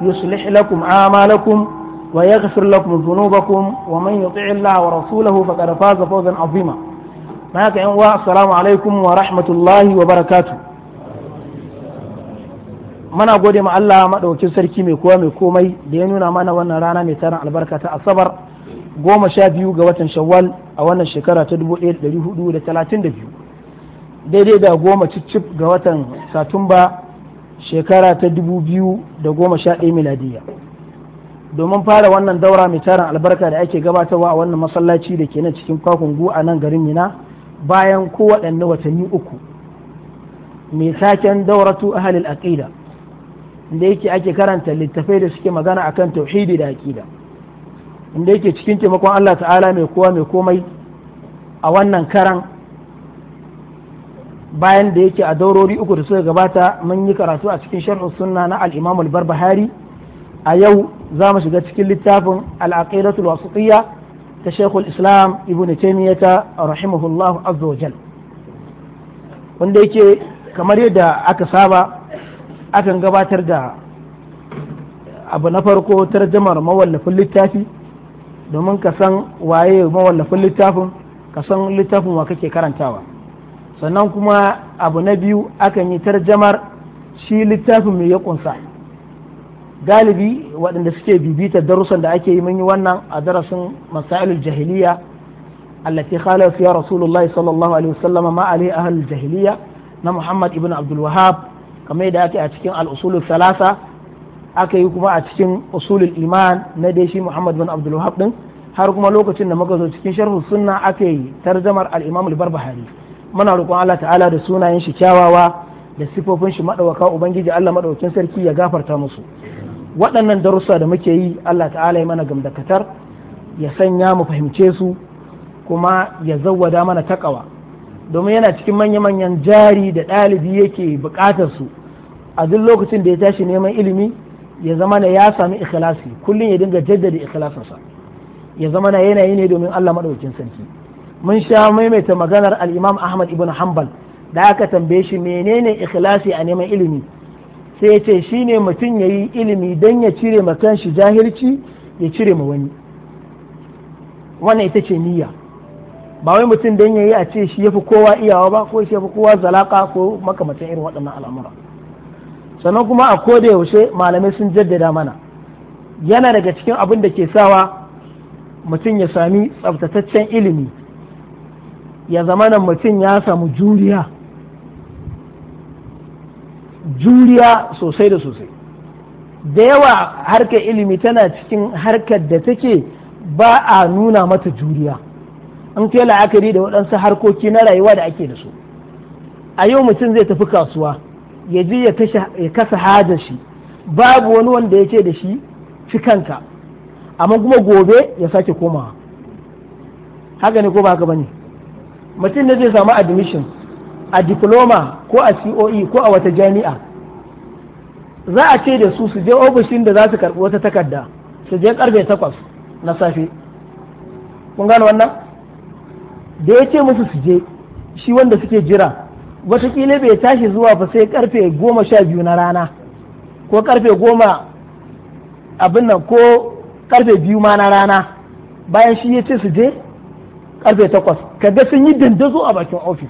يصلح لكم اعمالكم ويغفر لكم ذنوبكم ومن يطع الله ورسوله فقد فاز فوزا عظيما معك أنواع السلام عليكم ورحمه الله وبركاته mana gode ma Allah madaukin sarki mai kowa mai komai da ya nuna mana wannan rana mai tarin albarka ta asabar goma sha biyu ga watan shawwal a wannan shekara ta 1432 daidai da goma cicif ga watan satumba shekara ta dubu biyu da goma sha ɗaya miladiyya domin fara wannan daura mai tarin albarka da ake gabatarwa a wannan masallaci da ke nan cikin kwakungu a nan garin mina bayan kowaɗanne watanni uku mai taken dauratu halin aƙida inda yake ake karanta littafai da suke magana akan tauhidi da aƙida inda yake cikin taimakon Allah ta'ala mai kowa mai komai a wannan karan bayan da yake a daurori uku da suka gabata mun yi karatu a cikin sharh sunna na al-Imam al-Barbahari a yau za mu shiga cikin littafin al-Aqidatul Wasitiyya ta Sheikhul Islam Ibn Taymiyyah rahimahullah azza wajal wanda yake kamar yadda aka saba akan gabatar da abu na farko tarjamar mawallafin littafi domin ka san waye mawallafin littafin ka san littafin wa kake karantawa sannan kuma abu na biyu akan yi tarjamar shi littafin mai ya kunsa galibi waɗanda suke bibita darussan da ake yi mun yi wannan a darasin masailul jahiliya allati khala fiya rasulullahi sallallahu alaihi wasallam ma alai ahlul jahiliya na muhammad ibn abdul wahhab kamar yadda ake a cikin al-usulul salasa aka yi kuma a cikin usulul iman na dai shi muhammad ibn abdul wahhab din har kuma lokacin da muka cikin sharhu sunna aka yi tarjamar al-imam al-barbahari muna roƙon Allah ta'ala da sunayen shi kyawawa da sifofin shi madawaka ubangiji Allah madawakin sarki ya gafarta musu waɗannan darussa da muke yi Allah ta'ala ya mana gamdakatar ya sanya mu fahimce su kuma ya zawwada mana takawa domin yana cikin manya-manyan jari da ɗalibi yake buƙatar su a duk lokacin da ya tashi neman ilimi ya zama na ya sami ikhlasi kullum ya dinga jaddada ikhlasinsa ya zama na yanayi ne domin Allah Maɗaukin sarki mun sha maimaita maganar Alimam imam ahmad ibn hanbal da aka tambaye shi menene ikhlasi a neman ilimi sai ya ce shine mutum ya yi ilimi don ya cire ma kanshi jahilci ya cire ma wani wannan ita ce niyya ba wai mutum don ya yi a ce shi ya fi kowa iyawa ba ko shi ya fi kowa zalaka ko makamacin irin waɗannan al'amura sannan kuma a ko da yaushe malamai sun jaddada mana yana daga cikin abin da ke sawa mutum ya sami tsabtataccen ilimi ya zama nan mutum ya samu juriya juriya sosai da sosai da yawa harkar ilimi tana cikin harkar da take ba a nuna mata juriya an kai la'akari da waɗansu harkoki na rayuwa da ake da su a yau mutum zai tafi kasuwa ya ji ya kasa hajar shi babu wani wanda ya ce da shi cikanka kanka amma kuma gobe ya sake komawa haka ne ko ba haka bane mutum ne zai samu admission a diploma ko a coe ko a wata jami'a za a ce da su su je ofishin da za su karɓi wata takarda su je karfe takwas na safe kun gane wannan da ya ce musu su je shi wanda suke jira watakila bai tashi zuwa ba sai karfe goma sha biyu na rana ko karfe goma abin nan ko karfe biyu ma na rana bayan shi ya ce su je karfe takwas kaga sun yi dandazo a bakin ofis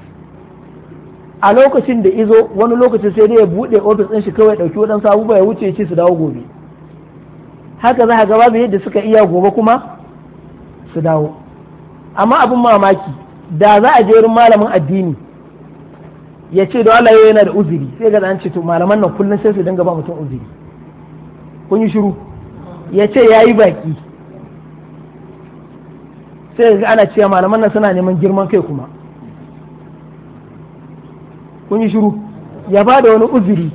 a lokacin da izo wani lokacin sai dai ya buɗe ofis ɗin shi kawai ɗauki waɗansu abubuwa ya wuce ce su dawo gobe haka za a ga babu yadda suka iya gobe kuma su dawo amma abin mamaki da za a jerin malamin addini ya ce da Allah yana da uzuri sai ga an ce to malaman nan kullum sai su dinga ba mutum uzuri kun yi shiru ya ce ya baki sai ga ana cewa malaman nan suna neman girman kai kuma kun yi shiru ya ba da wani uzuri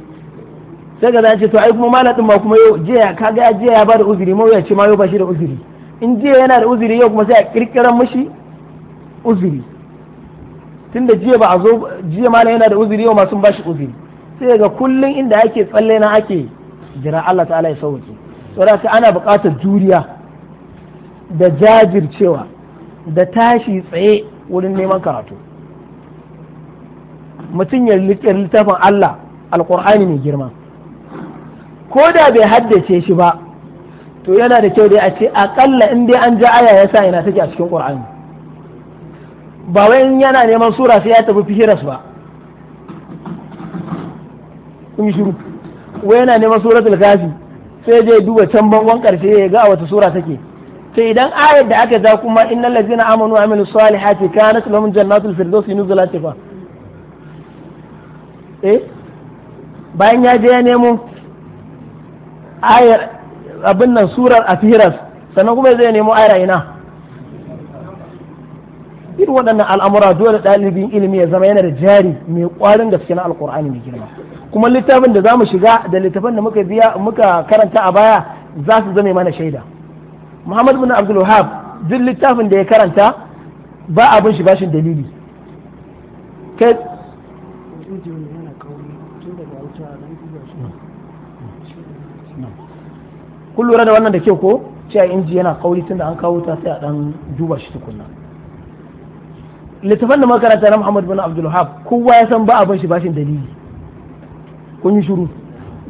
sai ga za ce to ai kuma malam din ma kuma yau jiya kaga ya jiya ya ba da uzuri mu ya ce ma yau ba shi da uzuri in jiya yana da uzuri yau kuma sai a kirkiran mishi uzuri tunda jiya ba a zo jiya malam yana da uzuri yau ma sun ba shi uzuri sai ga kullun inda ake tsalle na ake jira Allah ta'ala ya sauke saboda ana buƙatar juriya da jajircewa da tashi tsaye wurin neman karatu mutum ya littafin Allah Alƙur'ani mai girma ko da bai haddace shi ba to yana da kyau dai a ce aƙalla in dai an ja aya ya sa yana take a cikin ƙur'ani ba wai in yana neman sura sai ya tafi fihiras ba kun shiru wai yana neman suratul kafi sai je duba can bangon ƙarshe ya ga a wata sura take sai idan ayar da aka ja kuma innal ladzina amanu wa amilus salihati kanat lahum jannatul firdausi nuzula fa eh bayan ya je ya nemo ayar abin nan surar afiras sannan kuma zai nemo ayar ina irin waɗannan al'amura dole ɗalibin ilimi ya zama yana da jari mai ƙwarin gaske na alƙur'ani mai girma kuma littafin da za mu shiga da littafin da muka biya karanta a baya za su zame mana shaida Muhammad bin Abdul Wahab duk littafin da ya karanta ba abin shi bashin dalili kai kun lura da wannan da ke ko cewa inji yana kauri tun da an kawo ta sai a dan duba shi tukunna littafan da makaranta na Muhammad bin Abdul Wahab kowa ya san ba abin shi bashin dalili kun yi shiru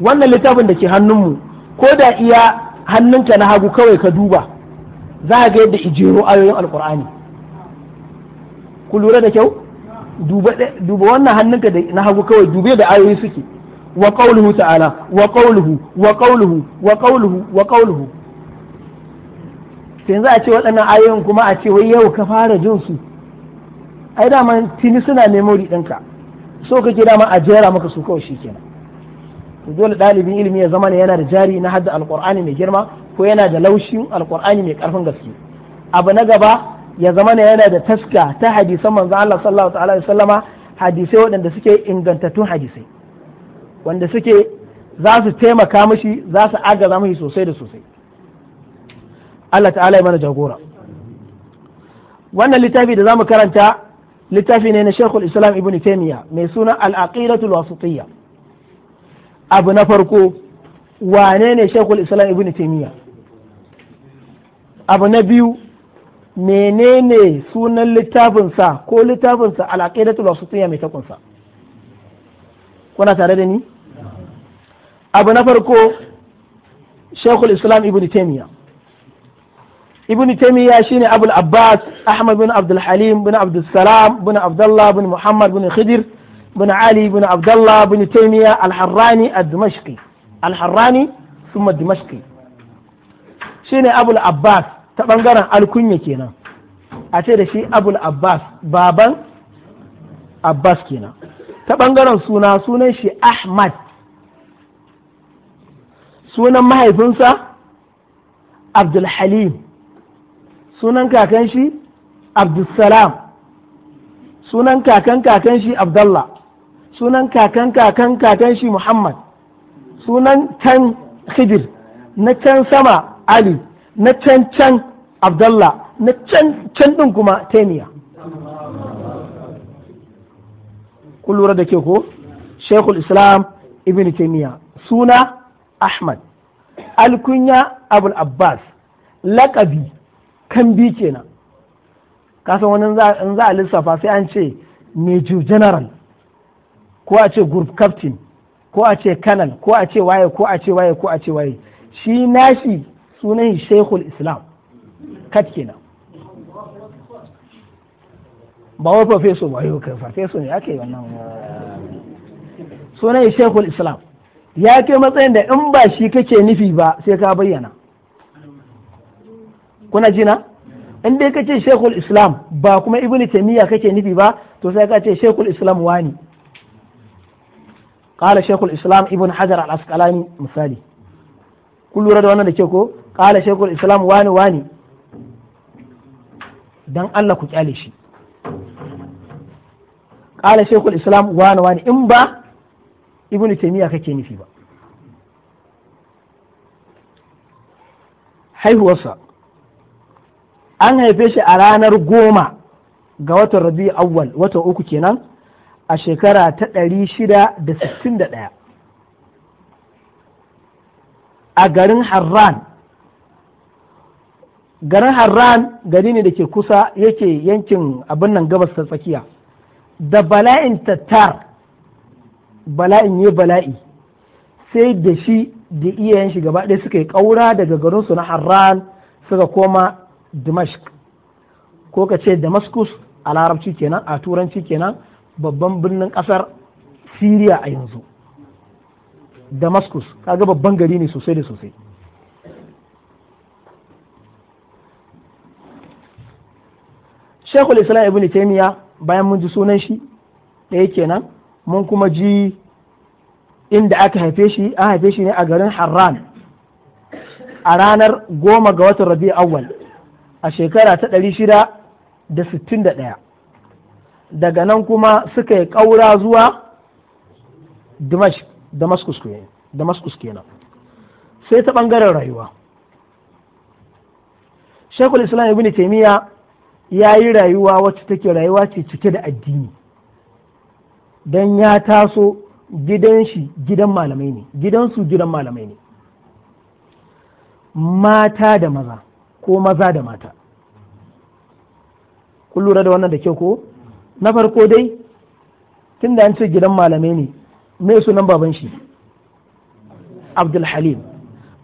wannan littafin da ke hannunmu ko da iya hannunka na hagu kawai ka duba za ga yadda ijero ayoyin alkur'ani ku lura da kyau duba wannan hannunka na hagu kawai dube da ayoyi suke wa qawluhu ta'ala wa qawluhu wa qawluhu wa qawluhu wa qawluhu sai yanzu a ce waɗannan ayoyin kuma a ce wai yau ka fara jin su ai daman tini suna memory ɗinka so kake dama a jera maka su kawai shikenan to dole ɗalibin ilimi ya zama ne yana da jari na hadda alƙur'ani mai girma ko yana da laushin alƙur'ani mai ƙarfin gaske abu na gaba ya zama ne yana da taska ta hadisan manzon Allah sallallahu ta'ala alaihi sallama hadisai waɗanda suke ingantattun hadisai wanda suke za su taimaka mishi za su agaza mishi sosai da sosai Allah ta'ala ya mana jagora wannan littafi da zamu karanta littafi ne na Sheikhul Islam Ibn Taymiyyah mai suna Al-Aqidatul Wasitiyyah abu na farko wane ne shekul islam ibn taimiyya abu na biyu menene sunan littafinsa ko littafinsa al'aqidatul wasitiyya mai takunsa kuna tare da ni abu na farko shekul islam ibn taimiyya ibn taimiyya shine abul abbas ahmad bin الحليم بن bin السلام بن bin abdullah بن محمد bin khidir بن علي بن عبد الله بن تيمية الحراني الدمشقي الحراني ثم الدمشقي شين أبو العباس تبنغرا الكنية كينا أتي شي أبو العباس بابا عباس كينا تبنغرا سونا سونا شي أحمد سونا ما هي فنسا عبد الحليم سونا كاكنشي عبد السلام سونا كاكن كاكنشي عبد الله sunan kakan kakan kakan shi muhammad sunan can khidir na can sama ali na can can Abdullah na can can din kuma taimiya kun lura da ke ko shekul islam ibn taimiya suna ahmad alkunya abul abbas laƙabi kan bi kenan kasan wani za a lissafa sai an ce major general ko a ce group captain ko a ce canal ko a ce waye ko a ce waye ko a ce waye shi nashi sunan shekul islam kat kenan ba wai professor ba yau kai professor ne ake wannan sunan shekul islam ya kai matsayin da in ba shi kake nufi ba sai ka bayyana kuna jina in dai kace shekul islam ba kuma ibnu taymiya kake nufi ba to sai ka ce shekul islam wani qala shaykhul islam ibn hajar al asqalani misali kun da wannan da ke ko qala shaykhul islam wani wani dan Allah ku kyale shi qala shaykhul islam wani wani in ba ibn taymiya kake nufi ba haihuwarsa an haife shi a ranar goma ga watan rabi awwal watan uku kenan a shekara ta ɗari shida da sittin da ɗaya a garin harran garin harran gari ne da ke kusa yake yankin abin nan gabas ta tsakiya da bala'in tattar bala'in ya bala'i sai da shi da iyayen shi gaba ɗaya suka yi ƙaura daga garinsu na harran suka koma dimashq ko ka ce damascus a larabci kenan a turanci kenan babban birnin kasar Siriya a yanzu Damascus kaga babban gari ne sosai da sosai Shekul Islam Ibn Taymiyyah bayan mun ji sunan shi yake nan mun kuma ji inda aka haife shi an haife shi ne a garin Harran a ranar goma ga watan Rabi'u Awwal a shekara ta ɗari shida da sittin da ɗaya daga nan kuma suka yi ƙaura zuwa damascus kenan sai ta ɓangaren rayuwa shekul islam ibn taimiyya ya yi rayuwa wacce take rayuwa ce cike da addini don ya taso gidan shi gidan malamai ne gidansu gidan malamai ne mata da maza ko maza da mata kun lura da wannan da kyau ko na farko dai tun da an ce gidan malamai ne me sunan baban shi abdulhalim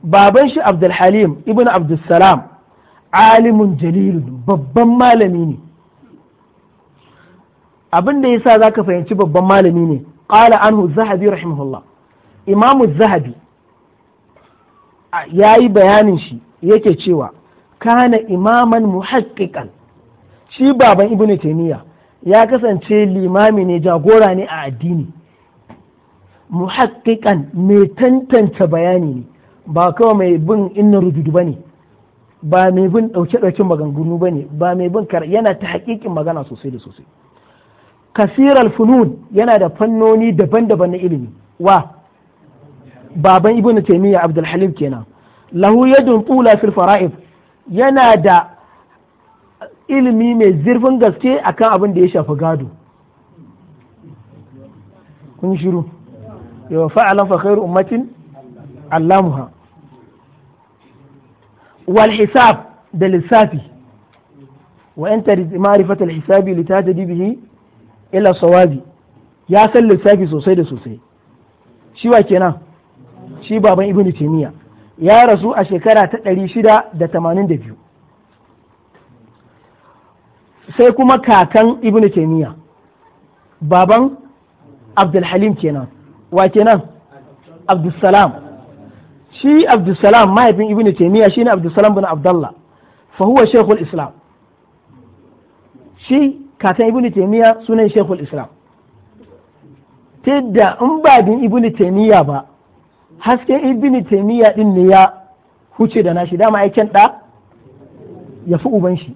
baban shi abdulhalim ibn abdulsalam alimun jalilu babban malami ne abin da yasa zaka fahimci babban malami ne qala anhu zahabi rahimahullah imamu zahabi ya yi bayanin shi yake cewa kana imaman muhaqqiqan shi baban Ibn taymiya ya kasance limami ne jagora ne a addini muhaqqiqan mai tantance bayani ne ba kawai mai bin inna rududu bane ba mai bin ɗauke dauke maganganu bane ba mai bin kar yana ta hakikin magana sosai da sosai kasiral funun yana da fannoni daban-daban na ilimi wa baban ibnu taymiya abdul halim kenan lahu yadun tula fil fara'id yana da ilimi mai zirfin gaske akan abin da ya shafi gado kun shiru yawa fa'alan fa khairu ummatin allamuha wal hisab da lissafi wa anta ma'rifata hisabi li tatadi bihi ila sawabi ya san lissafi sosai da sosai shi wa kenan shi baban ibnu taymiya ya rasu a shekara ta ɗari shida da da tamanin biyu. sai kuma kakan ibn taymiya baban abdulhalim kenan wa kenan abdulsalam shi abdulsalam mahaifin ibn taymiya shine abdulsalam bin abdullah fa huwa shaykhul islam shi kakan ibn taymiya sunan shaykhul islam tidda in ba bin ibn taymiya ba hasken ibn taymiya din ne ya huce da nashi dama aikin da ya fi uban shi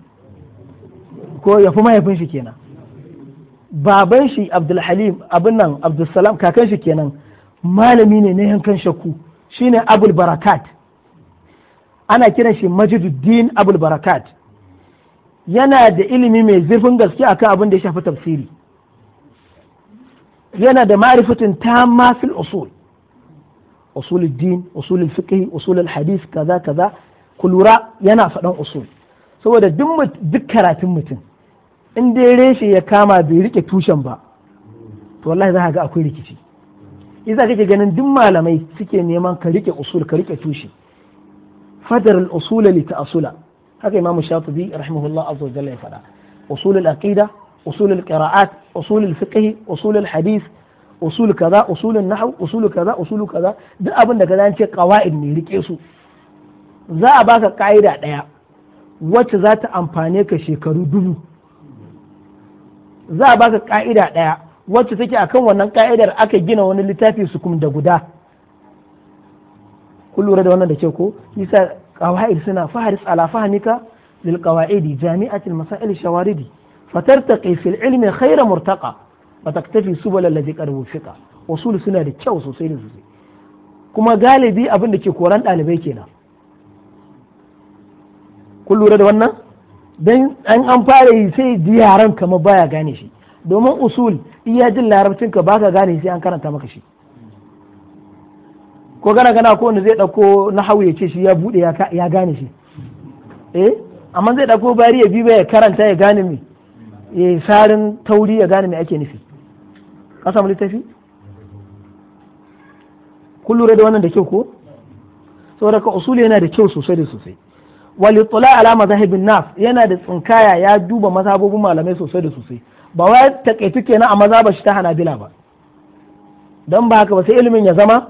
ko ya fi mahaifin shi kenan baban shi abdulhalim abin nan abdulsalam kakan shi kenan malami ne na yankan shakku shine abul barakat ana kiran shi majiduddin abul barakat yana da ilimi mai zurfin gaske akan abin da ya shafi tafsiri yana da ma'rifatin ta fil usul usul din usul fiqh usul hadith kaza kaza kulura yana faɗan usul saboda duk karatun mutum in dai reshe ya kama bai rike tushen ba to wallahi za ka ga akwai rikici idan kake ganin duk malamai suke neman ka rike usul ka rike tushe fadar al-usul li ta'sula haka imam shafi'i rahimahullah azza wa jalla ya fada usul al-aqida usul al-qira'at usul al-fiqh usul al-hadith usul kaza usul an-nahw usul kaza usul kaza duk abin da kaza an ce qawaid ne rike su za a baka ka'ida daya wacce za ta amfane ka shekaru dubu za a baka ka'ida ɗaya wacce take akan wannan ka'idar aka gina wani littafi su kuma da guda ku lura da wannan da ke ko nisa suna faharis ala fahmika lil jami'a jami'at masail shawaridi fatartaqi fil ilmi khayra murtaqa wa taktafi subul alladhi qad wufiqa wasul suna da kyau sosai da sosai kuma galibi abin da ke koran ɗalibai kenan ku lura da wannan dan an an fara yi sai ji yaran kamar baya gane shi domin usul iya jin larabcin ka baka gane sai an karanta maka shi ko gana gana ko wanda zai dauko na hawu ya ce shi ya bude ya gane shi eh amma zai dauko bari ya bi ya karanta ya gane me ya sarin tauri ya gane me ake nufi ka samu littafi kun lura da wannan da kyau ko saboda ka usul yana da kyau sosai da sosai wali tula ala mazahibin nas yana da tsinkaya ya duba mazhabobin malamai sosai da sosai ba wai takaitu kenan a mazhabar shi ta hanabila ba dan ba haka ba sai ilimin ya zama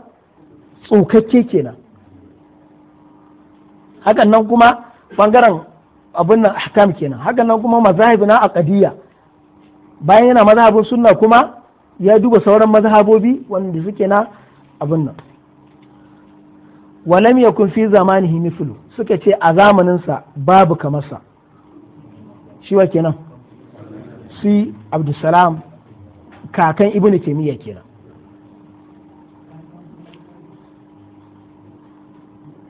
tsokakke kenan hakan nan kuma bangaren abin nan ahkam kenan hakan nan kuma mazhabi na aqdiyya bayan yana mazhabin sunna kuma ya duba sauran mazhabobi wanda suke na abin nan walam yakun fi zamanihi mithlu suka ce a zamaninsa babu kamarsa shi wa kenan si abdulsalam kakan ibnu taymiya kenan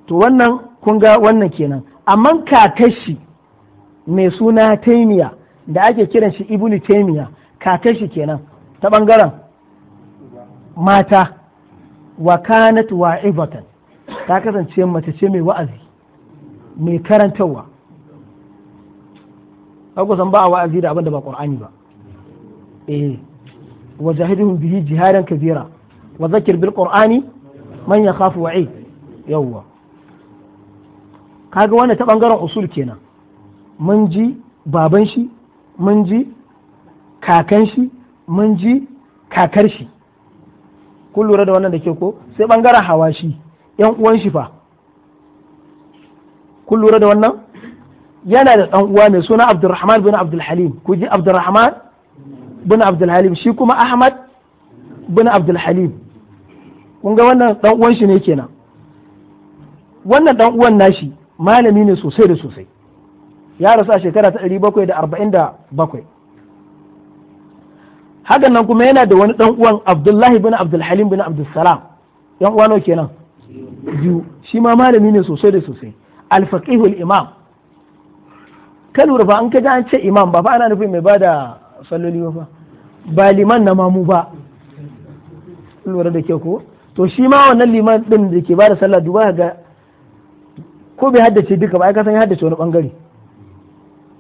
to wannan kun ga wannan kenan amma kakashi mai suna taimiya da ake kiran shi ibnu Taimiyya kakashi kenan ta bangaren mata wa kanat wa ibatan ta kasance mace ce mai wa'azi mai karantarwa san ba a wa'azi da abin da ba qur'ani ba eh wa jahidhum bihi jihadan kabira wa zakir bil qur'ani man yakhafu wa'i yawwa kaga wannan ta ɓangaren usul kenan mun ji baban shi mun ji kakan shi mun ji kakar shi kun lura da wannan da ke ko sai ɓangaren hawa shi yan uwan shi fa kun lura da wannan yana da ɗan uwa mai suna Abdulrahman bin Abdulhalim ku ji Abdulrahman bin Abdulhalim shi kuma Ahmad bin Abdulhalim kun ga wannan ɗan uwan shi ne kenan wannan ɗan uwan nashi malami ne sosai da sosai ya rasu a shekara ta ɗari bakwai da arba'in da bakwai hakan nan kuma yana da wani ɗan uwan Abdullahi bin Abdulhalim bin Abdulsalam ɗan uwa nawa kenan biyu shi ma malami ne sosai da sosai alfaqihul imam ka lura ba an ka an ce imam ba fa ana nufin mai bada salloli ba fa ba liman na mamu ba lura da ke ko to shi ma wannan liman din da ke bada sallah duba ga ko bai haddace duka ba ai ka san ya haddace wani bangare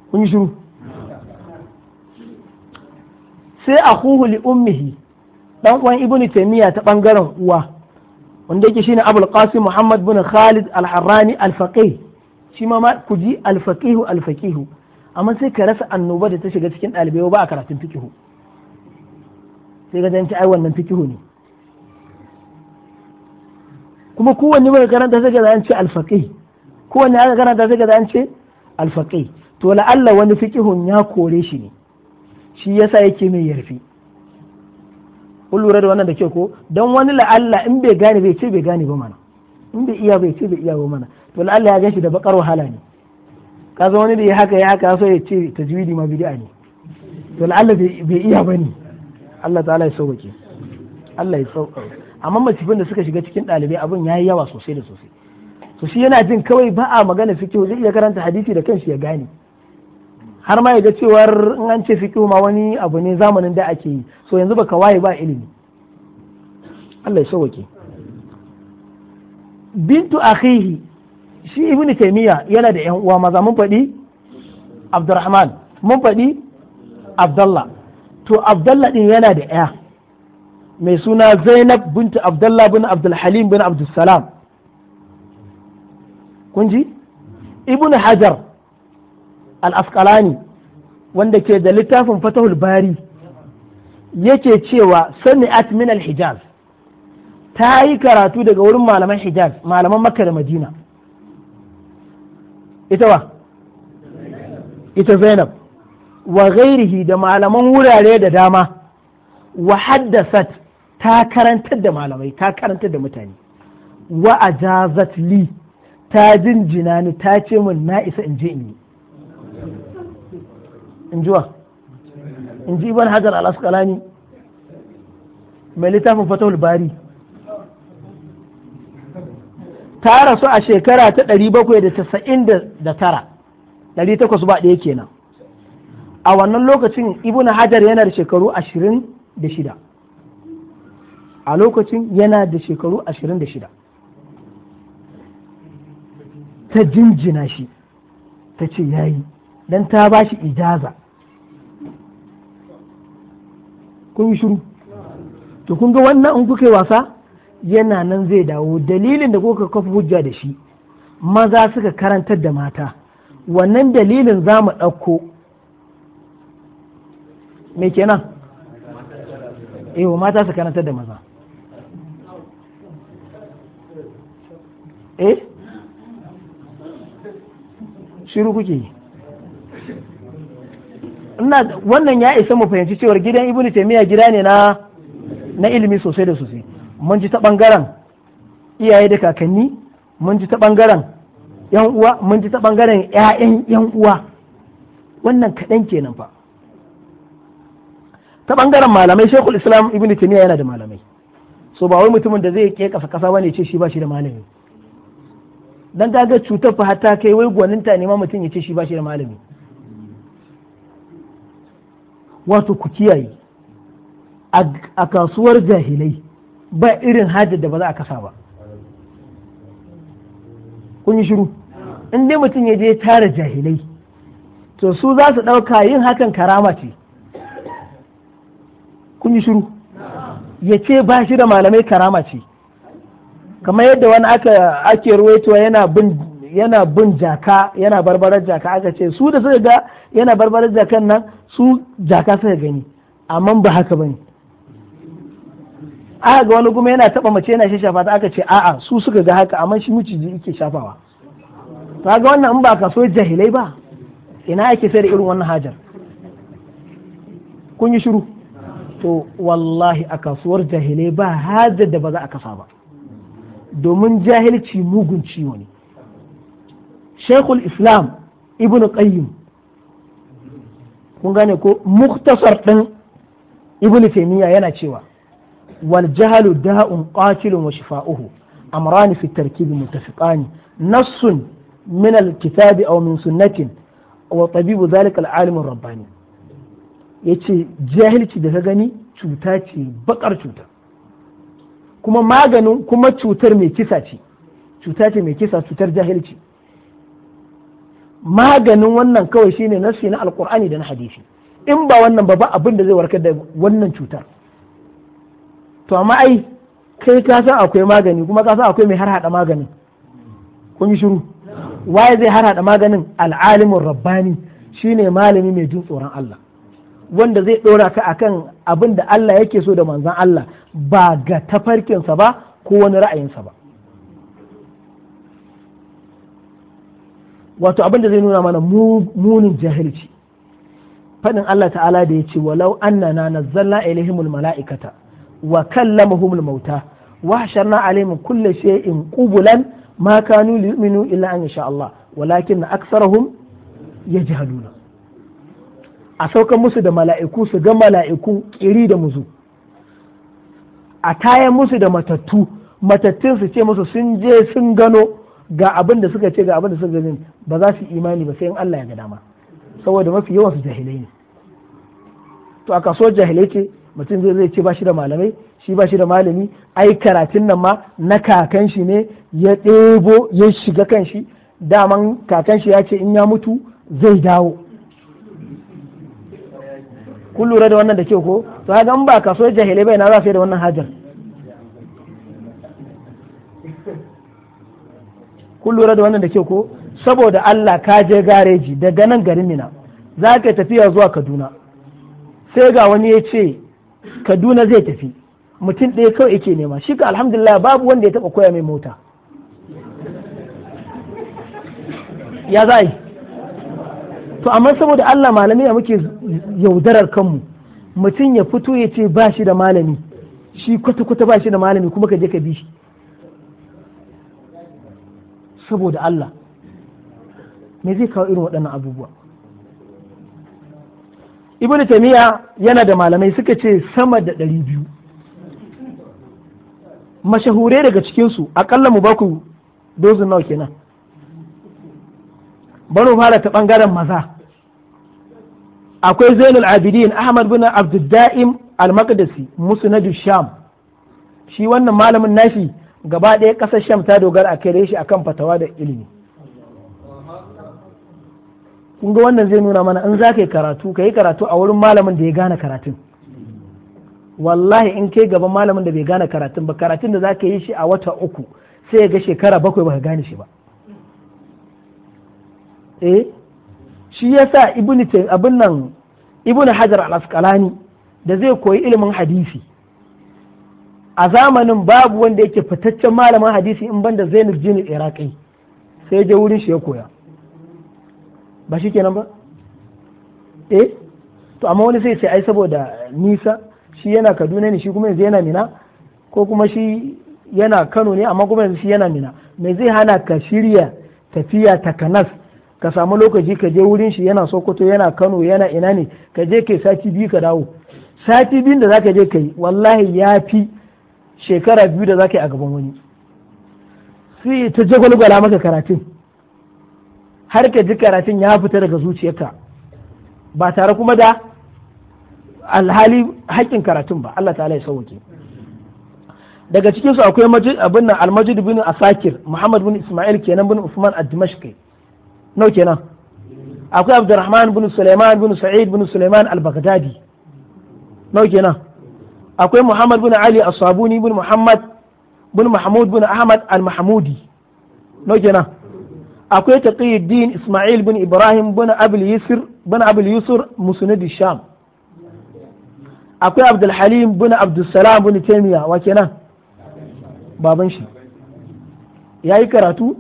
kun yi shiru sai akuhu li ummihi dan uwan ibnu taymiya ta bangaren uwa wanda yake shine abul qasim muhammad bin khalid al-harrani al-faqih shi ma ku ji al-faqih al-faqih amma sai ka rasa annoba da ta shiga cikin ɗalibai ba a karatun fiqh sai ka zanci ai wannan fiqh ne kuma kowanne mai karanta sai ka zanci al-faqih kowanne aka karanta sai ka zanci al-faqih to la'alla wani fiqhun ya kore shi ne shi yasa yake mai yarfi kun lura da wannan da ke ko Dan wani la'alla in bai gane bai ce bai gane ba mana in bai iya bai ce bai iya ba mana to la'alla ya ganshi da bakar wahala ne ka zo wani da ya haka ya haka so ya ce tajwidi ma bid'a ne to la'alla bai iya ba ne Allah ta'ala ya sauke Allah ya sauke amma masifin da suka shiga cikin ɗalibai abin yayi yawa sosai da sosai to shi yana jin kawai ba a magana fikihu zai iya karanta hadisi da kanshi ya gane har ma yaga cewar in an ce fiqhu ma wani abu ne zamanin da ake yi so yanzu baka waye ba ilimi Allah ya sauke bintu akhihi shi ibn taymiya yana da yan uwa maza mun faɗi abdurrahman mun faɗi abdullah to abdullah din yana da ya mai suna zainab bintu abdullah bin halim bin abdulsalam kun ji ibn hajar al wanda ke da littafin fatahul bari yake cewa sami'at min al-hijaz ta yi karatu daga wurin malaman hijaz malaman makka da madina ita wa ita zainab wa gairihi da malaman wurare da dama wa haddasat ta karantar da malamai ta karantar da mutane wa ajazat li ta jinjina ni ta ce min na isa in je in yi in wa? in ji ibn hajar al-asqalani mai littafin fatahul bari ta rasu a shekara ta 799 800 ba ɗaya kenan a wannan lokacin ibn hajar yana da shekaru 26 a lokacin yana da shekaru 26 ta jinjina shi ta ce yayi don ta ba shi ijaza kun yi shiru to kun ga wannan in kuka yi wasa yana nan zai dawo dalilin da kuka kafa hujja da shi maza suka karantar da mata wannan dalilin za mu ɗauko me kenan wa mata su karantar da maza eh shiru kuke yi ina wannan ya isa mu fahimci cewar gidan ibnu taymiya gida ne na na ilimi sosai da sosai mun ji ta bangaren iyaye da kakanni mun ji ta bangaren yan uwa mun ji ta bangaren ƴaƴan yan uwa wannan kaɗan kenan fa ta bangaren malamai shekul islam ibnu taymiya yana da malamai so ba wai mutumin da zai ke kasa kasa bane ce shi ba shi da malami dan kaga cutar fa hatta kai wai gwaninta ne ma mutum ya ce shi ba shi da malami wato ku kiyaye a kasuwar jahilai ba irin hajjar da ba za a kasa ba kun yi shiru in dai mutum ya je tara jahilai to su za su ɗauka yin hakan karama ce kun yi shiru ya ce ba shi da malamai karama ce kamar yadda wani aka ake ruwaitowa yana bin yana bin jaka yana barbarar jaka aka ce su da suka ga yana barbarar jakan nan su jaka suka gani amma ba haka bane aka ga wani kuma yana taba mace yana shafa ta aka ce a'a su suka ga haka amma shi miciji yake shafawa ta ga wannan in ba so jahilai ba ina ake da irin wannan hajar kun yi shiru to wallahi a kasuwar jahilai ba hajar da ba za a kasa ba domin jahilci mugun ciwo ne shekul islam ibn qayyim kun gane ko muktasar ɗin ibn taimiyya yana cewa wal jahalu da'un qatilun wa shifa'uhu amrani fi tarkibi muttafiqani nassun min al-kitabi aw min sunnatin wa tabibu zalika al-alim ar-rabbani yace jahilci da ka gani cuta ce bakar cuta kuma maganin kuma cutar mai kisa ce cuta ce mai kisa cutar jahilci maganin wannan kawai shine nassi na alkur'ani da na hadisi in ba wannan ba ba abin da zai warkar da wannan cutar to amma ai kai ka san akwai magani kuma ka san akwai mai harhaɗa maganin kun yi shiru waye zai harhaɗa maganin al'alimin rabbani shine malami mai jin tsoron Allah wanda zai ɗora ka akan abin da Allah yake so da manzon Allah ba ga tafarkinsa ba ko wani ra'ayinsa ba wato abin da zai nuna mana munin jahilci faɗin Allah ta'ala da ya ce walau annana nazzalna ilaihimul mala'ikata wa kallamahumul mauta wa hasharna alaihim kulli shay'in qubulan ma kanu liyuminu illa an yasha Allah walakin aktsarahum yajhaluna a saukan musu da mala'iku su ga mala'iku kiri da muzu a tayan musu da matattu matattun su ce musu sun je sun gano ga abin da suka ce ga abin da suka ce ba za su imani ba sai in Allah ya ga dama saboda mafi yawan su jahilai ne to a kasuwar jahilai ce mutum zai zai ce ba shi da malamai shi ba shi da malami ai karatun nan ma na kakan shi ne ya ɗebo ya shiga kan shi daman kakan shi ya ce in ya mutu zai dawo kun lura da wannan da ke ko to haka in ba kasuwar jahilai bai na za su yi da wannan hajar kun lura da wannan da ke ko saboda Allah ka je gareji daga nan garin mina za ka tafiya zuwa kaduna sai ga wani ya ce kaduna zai tafi mutum ɗaya kawai yake nema shi ka alhamdulillah babu wanda ya taɓa koya mai mota ya za yi to amma saboda Allah malami ya muke yaudarar kanmu mutum ya fito ya ce ba shi da malami shi kwata-kwata ba shi da malami kuma ka je ka bi shi saboda Allah me zai kawo irin waɗannan abubuwa ibnu tamiya yana da malamai suka ce sama da ɗari biyu mashahure daga cikinsu akalla mu baku dozin nawa kenan bari fara ta ɓangaren maza akwai zainul abidin ahmad bin abdul da'im al-maqdisi musnadu sham shi wannan malamin nashi gaba ɗaya ƙasar sham ta dogara a kai shi akan fatawa da ilimi kun ga wannan zai nuna mana in za ka yi karatu ka yi karatu a wurin malamin da ya gane karatun wallahi in kai gaban malamin da bai gane karatun ba karatun da za ka yi shi a wata uku sai ya ga shekara bakwai ba ka gane shi ba eh shi yasa sa abin ibnu hajar al-asqalani da zai koyi ilimin hadisi a zamanin babu wanda yake fitaccen malamin hadisi in banda zainul jinul iraqi sai je wurin shi ya koya ba shi kenan ba eh to amma wani sai ce ai saboda nisa shi yana kaduna ne shi kuma yanzu yana mina ko kuma shi yana kano ne amma kuma yanzu shi yana mina me zai hana ka shirya tafiya ta kanas ka samu lokaci ka je wurin shi yana sokoto yana kano yana ina ne ka je kai sati biyu ka dawo sati biyu da zaka je kai wallahi ya fi shekara biyu da za ka yi a gaban wani sai ta je gwalgwala maka karatun har ka ji karatun ya fita daga zuciyarka ba tare kuma da alhali haƙƙin karatun ba Allah ta'ala ya sauke daga cikin su akwai majid abin nan almajid bin asakir muhammad bin isma'il kenan bin usman ad-dimashqi nau kenan akwai abdurrahman bin sulaiman bin sa'id bin sulaiman al-baghdadi nau kenan akwai muhammad bin ali as-sabuni bin muhammad bin mahmud bin ahmad al-mahmudi no kenan akwai taqiyuddin isma'il bin ibrahim bin abul yusr bin abul yusr musnad sham akwai abdul halim bin abdul salam bin taymiya wa kenan baban shi yayi karatu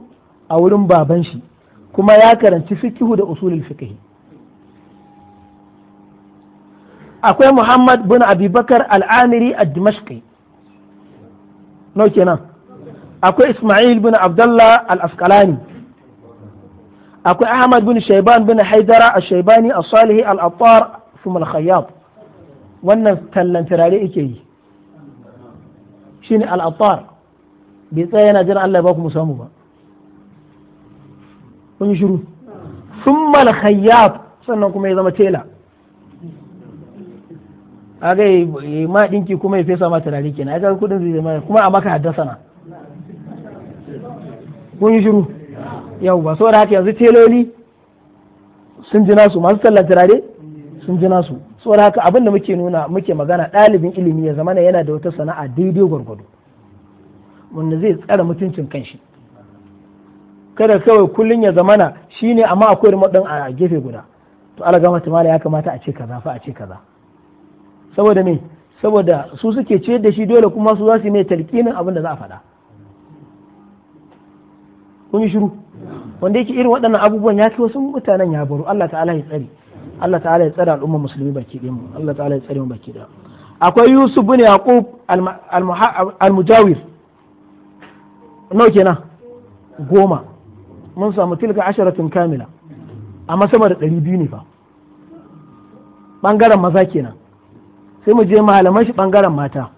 a wurin baban shi kuma ya karanci fikihu da usulul fiqh akwai muhammad bin abubakar al'amiri a dimashqi kenan akwai ismail bin abdullah al-asqalani akwai ahmad bin shaiban bin haidara a shaibani a salihi al-attar fum khayyab wannan tallan turare yake yi shine al-attar bai tsaya yana jiran Allah ya ba ku musamu ba kun shiru summa khayyab sannan kuma ya zama tela aga yi ma dinki kuma ya fesa ma turare kenan aga kudin zai zama kuma a maka haddasa na kun yi shiru yau ba saboda haka yanzu teloli sun ji nasu masu tallan turare sun ji nasu saboda haka abin da muke nuna muke magana ɗalibin ilimi ya zamana yana da wata sana'a daidai gwargwado wanda zai tsara mutuncin kanshi kada kawai kullun ya zamana shine amma akwai remote ɗan a gefe guda to alagama tumala ya kamata a ce kaza fa a ce kaza saboda me saboda su suke ce da shi dole kuma su za su mai talqinin abin da za a faɗa kun yi shiru wanda yake irin waɗannan abubuwan ya fi wasu mutanen ya baro Allah ta'ala ya tsare Allah ta'ala ya tsare al'ummar musulmi baki ɗaya mu Allah ta'ala ya tsare mu baki ɗaya akwai Yusuf bin Yaqub al-Mujawir nawa kenan goma mun samu tilka asharatin kamila amma sama da ɗari biyu ne fa ɓangaren maza kenan sai mu je malaman shi bangaren mata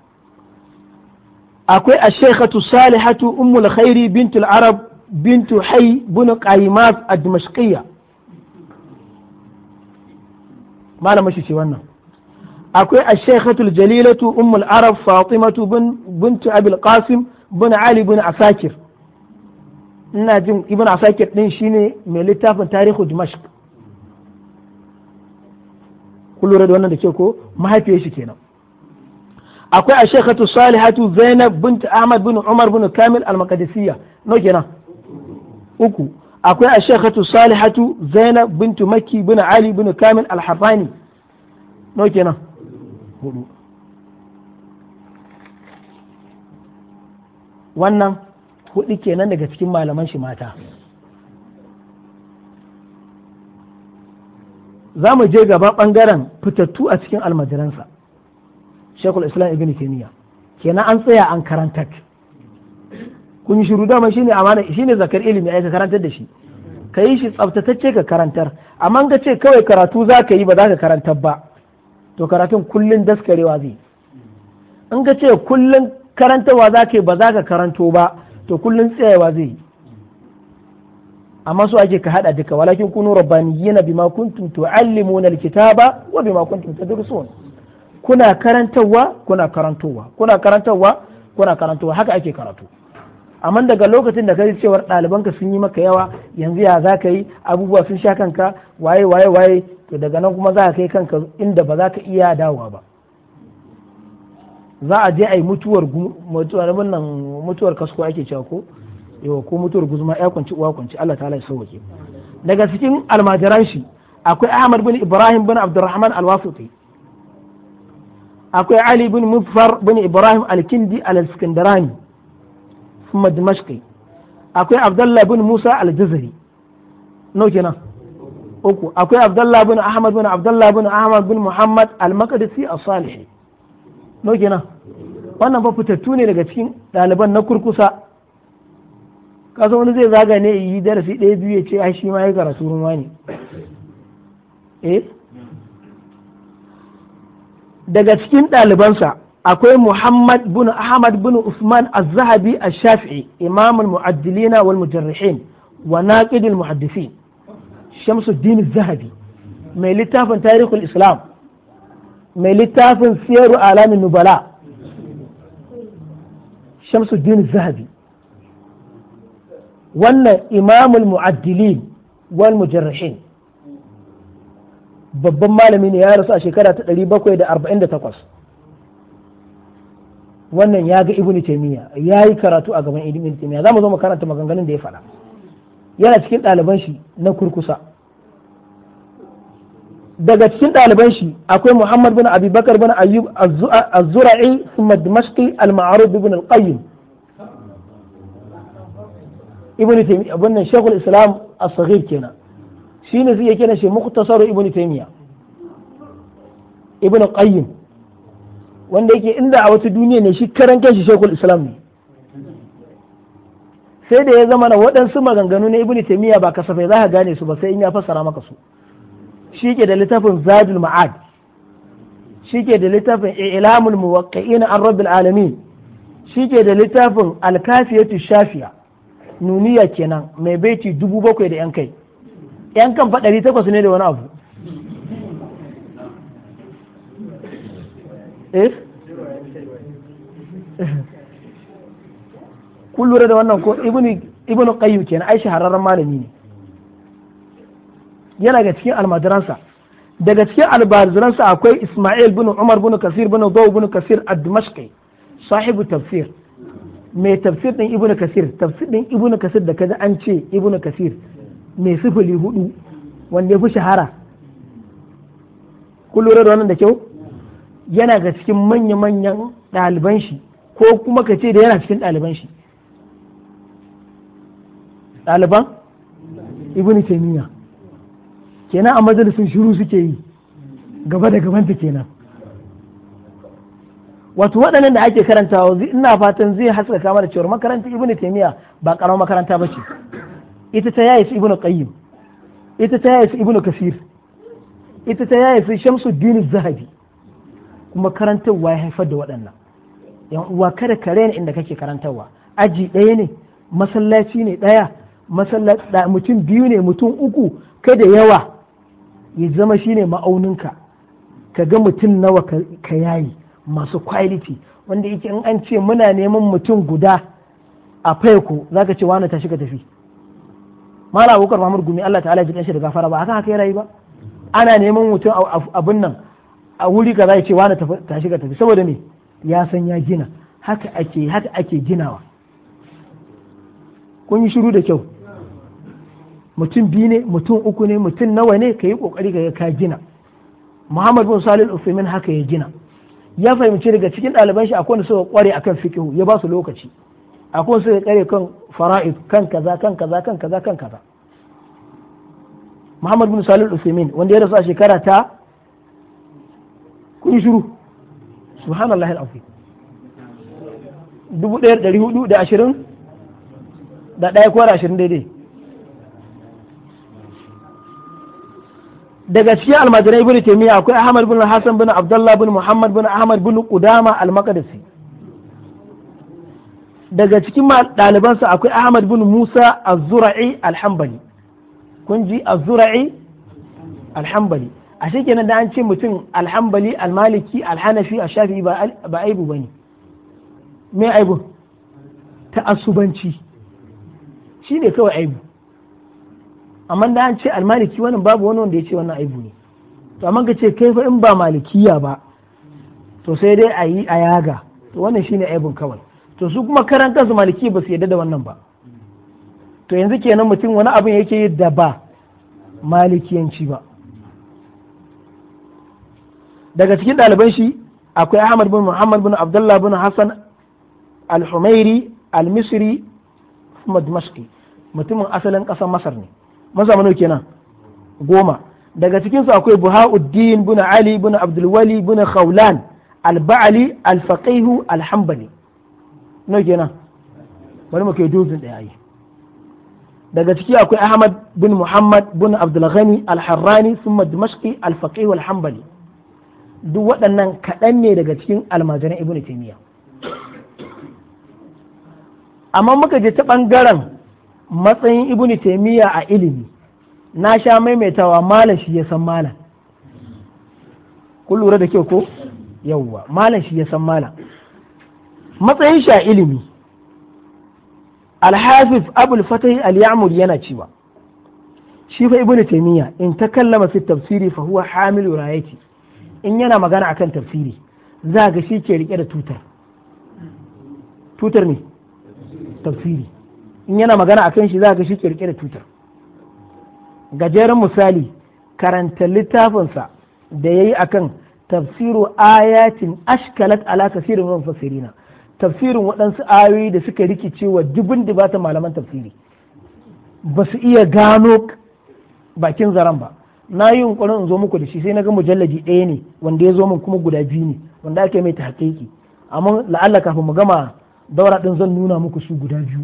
akwai ashekatu salihatu ummul khairi bintul arab bintu hay bin qaimat ad-dimashqiyya malamin shi ce wannan akwai ashekatu jalilatu ummul arab fatimatu bintu abul qasim bin ali bin asakir ina jin ibn asakir din shine mai littafin tarihu dimashq kun lura da wannan da ke ko mahaifiyar shi kenan akwai a shekatu salihatu zainab bint ahmad bin umar bin kamil al-maqdisiyya no kenan uku akwai a shekatu salihatu zainab bint makki bin ali bin kamil al-harrani no kenan hudu wannan hudu kenan daga cikin malaman shi mata za mu je gaba ɓangaren fitattu a cikin almajiransa shekul islam ibn taimiyya kenan an tsaya an karantar kun yi shiru dama shine amana shine zakar ilimi ai ka karantar da shi ka yi shi tsaftatacce ka karantar amma ga ce kawai karatu za ka yi ba za ka karantar ba to karatun kullun daskarewa zai in ga ce kullun karantarwa za ka yi ba za ka karanto ba to kullun tsayawa zai yi amma su ake ka hada duka walakin kunu rabbaniyina bima kuntum tuallimuna alkitaba wa bima kuntum tadrusun kuna karantawa kuna karantowa kuna karantawa kuna karantowa haka ake karatu amma daga lokacin da kaji cewar ɗalibanka sun yi maka yawa yanzu ya za ka yi abubuwa sun sha kanka waye waye waye to daga nan kuma za ka kai kanka inda ba za ka iya dawowa ba za a je a yi mutuwar mutuwar kasko ake cewa ko yau ko mutuwar guzuma ya kunci uwa kunci Allah ta'ala ya sauwake daga cikin almajiran shi akwai Ahmad bin Ibrahim bin Abdurrahman al-Wasiti akwai Ali bin Mufar bin Ibrahim al-Kindi al-Iskandarani kuma Dimashqi akwai Abdullah bin Musa al-Jazari nau kenan uku akwai Abdullah bin Ahmad bin Abdullah bin Ahmad bin Muhammad al-Maqdisi as-Salihi nau kenan wannan fa fitattu ne daga cikin ɗaliban na kurkusa kasa wani zai zaga ne yi darasi ɗaya biyu ya ce ai shi ma ya karatu ruwa ne eh daga cikin ɗalibansa akwai Muhammad bin Ahmad bin Usman Az-Zahabi Ash-Shafi'i Imam al-Mu'addilina wal Mujarrihin wa Naqid al-Muhaddisin Shamsuddin Az-Zahabi mai littafin Tarikhul Islam mai littafin Siyaru Alamin Nubala Shamsuddin Az-Zahabi wannan imamul mu'addilin wal mujarrihin babban malami ne ya rasu a shekara ta 748 wannan ya ga ibnu taymiya ya yi karatu a gaban ibnu taymiya za mu zo mu karanta maganganun da ya faɗa yana cikin ɗaliban shi na kurkusa daga cikin ɗaliban shi akwai muhammad bin abubakar bin ayyub az-zura'i thumma dimashqi al-ma'ruf bin al-qayyim ibn taymiya abin islam as-saghir kenan shine zai yake shi mukhtasar ibn taymiya ibn qayyim wanda yake inda a wata duniya ne shi karan kanshi shaykhul islam ne sai da ya zama na waɗansu maganganu na ibn taymiya ba kasafai za ka gane su ba sai in ya fasara maka su shi ke da littafin zadul ma'ad shi ke da littafin ilamul muwaqqi'ina an rabbil alamin shi ke da littafin alkafiyatu shafiya nuniya kenan mai baiti dubu bakwai da yan kai yan kan fa ɗari takwas ne da wani abu eh kun lura da wannan ko ibnu qayyim kenan ai shahararren malami ne yana ga cikin almadaransa daga cikin almajiransa akwai isma'il bin umar bin kasir bin dawu bin kasir ad-dimashqi sahibu tafsir mai tafsir din ibnu kasir tafsir din ibnu kasir da kaji an ce ibnu kasir mai sifili hudu wanda ya fi shahara kun lura da wannan da kyau yana ga cikin manya-manyan ɗaliban shi ko kuma ka ce da yana cikin ɗaliban shi ɗaliban ibnu taimiyya. kenan a majalisun shiru suke yi gaba da gabanta kenan wato waɗannan da ake karantawa ina fatan zai haskaka mana cewa makarantar ibn taymiya ba karamar makaranta bace ita ta yayi su ibn qayyim ita ta yayi su ibn kasir ita ta yayi su shamsuddin zahabi kuma karantarwa ya haifar da waɗannan yan uwa kada kare raina inda kake karantarwa aji ɗaya ne masallaci ne ɗaya masallaci mutum biyu ne mutum uku kada yawa ya zama shine ma'auninka ka ga mutum nawa ka yayi masu quality wanda yake in an ce muna neman mutum guda a faiko zaka ce wani tashi ka tafi mala abubakar mahmud gumi Allah ta ala ji shi da gafara ba haka haka ya rayu ba ana neman mutum abun nan a wuri ka za ce wani tashi ka tafi saboda me ya san ya gina haka ake haka ake ginawa kun yi shiru da kyau mutum biyu ne mutum uku ne mutum nawa ne ka yi kokari ka ka gina muhammad bin salih al haka ya gina ya fahimci daga cikin ɗaliban shi akwai suka kware akan fikihu ya ba su lokaci akwai suka kware kan fara'id kan kaza kan kaza kan kaza kan kaza Muhammad bin Salih al-Uthaymeen wanda ya rasu a shekara ta kun shiru subhanallah al-azim ɗaya da ɗaya ko da 20 daidai daga cikin almajirai ibnu taymiya akwai ahmad bin hasan bin abdullah bin muhammad bin ahmad bin qudama al-maqdisi daga cikin sa akwai ahmad bin musa az-zura'i al-hanbali kun ji az-zura'i al-hanbali a kenan da an ce mutum al-hanbali al-maliki al-hanafi al-shafi'i ba aibu bane me aibu ta asubanci shine kawai aibu amma da an ce almaliki wannan babu wani wanda ya ce wannan aibu ne to amma ka ce kai fa in ba malikiya ba to sai dai a yi a yaga to wannan shine aibun kawai to su kuma karan kansu maliki ba su yarda da wannan ba to yanzu kenan mutum wani abin yake yi da ba malikiyanci ba daga cikin ɗaliban shi akwai Ahmad bin Muhammad bin Abdullah bin Hassan al-Humairi al-Misri Dimashqi mutumin asalin ƙasar Masar ne mun samu kenan goma daga cikinsu akwai buha'uddin bin ali bin abdulwali bin khawlan alba'ali alfaqihu alhambali nau kenan bari mu kai dozin ɗaya yi daga ciki akwai ahmad bin muhammad bin abdulghani alharrani summa dimashqi alfaqihu alhambali duk waɗannan kaɗan ne daga cikin almajiran ibn taymiya amma muka je ta ɓangaren matsayin ibn taimiyya a ilimi na sha maimaitawa malam shi ya san malam kun lura da kyau ko yawwa malam shi ya san malam matsayin shi a ilimi alhafiz abul fatahi al-ya'mur yana cewa shi fa ibnu taimiyya in kallama fi tafsiri fa huwa hamil rayati in yana magana akan tafsiri za ga shi ke rike da tutar tutar ne tafsiri in yana magana a kan shi za ka shi kirkira da tutar gajeren misali karanta littafinsa da ya yi a kan tafsiru ayatin ashkalat ala tafsirin min fasirina tafsirin waɗansu ayoyi da suka rikice wa dubin dubatan malaman tafsiri ba su iya gano bakin zaren ba na yi yunkurin in zo muku da shi sai na ga mujallaji ɗaya ne wanda ya zo min kuma guda biyu ne wanda ake mai ta hakiki amma la'alla kafin mu gama daura ɗin zan nuna muku su guda biyu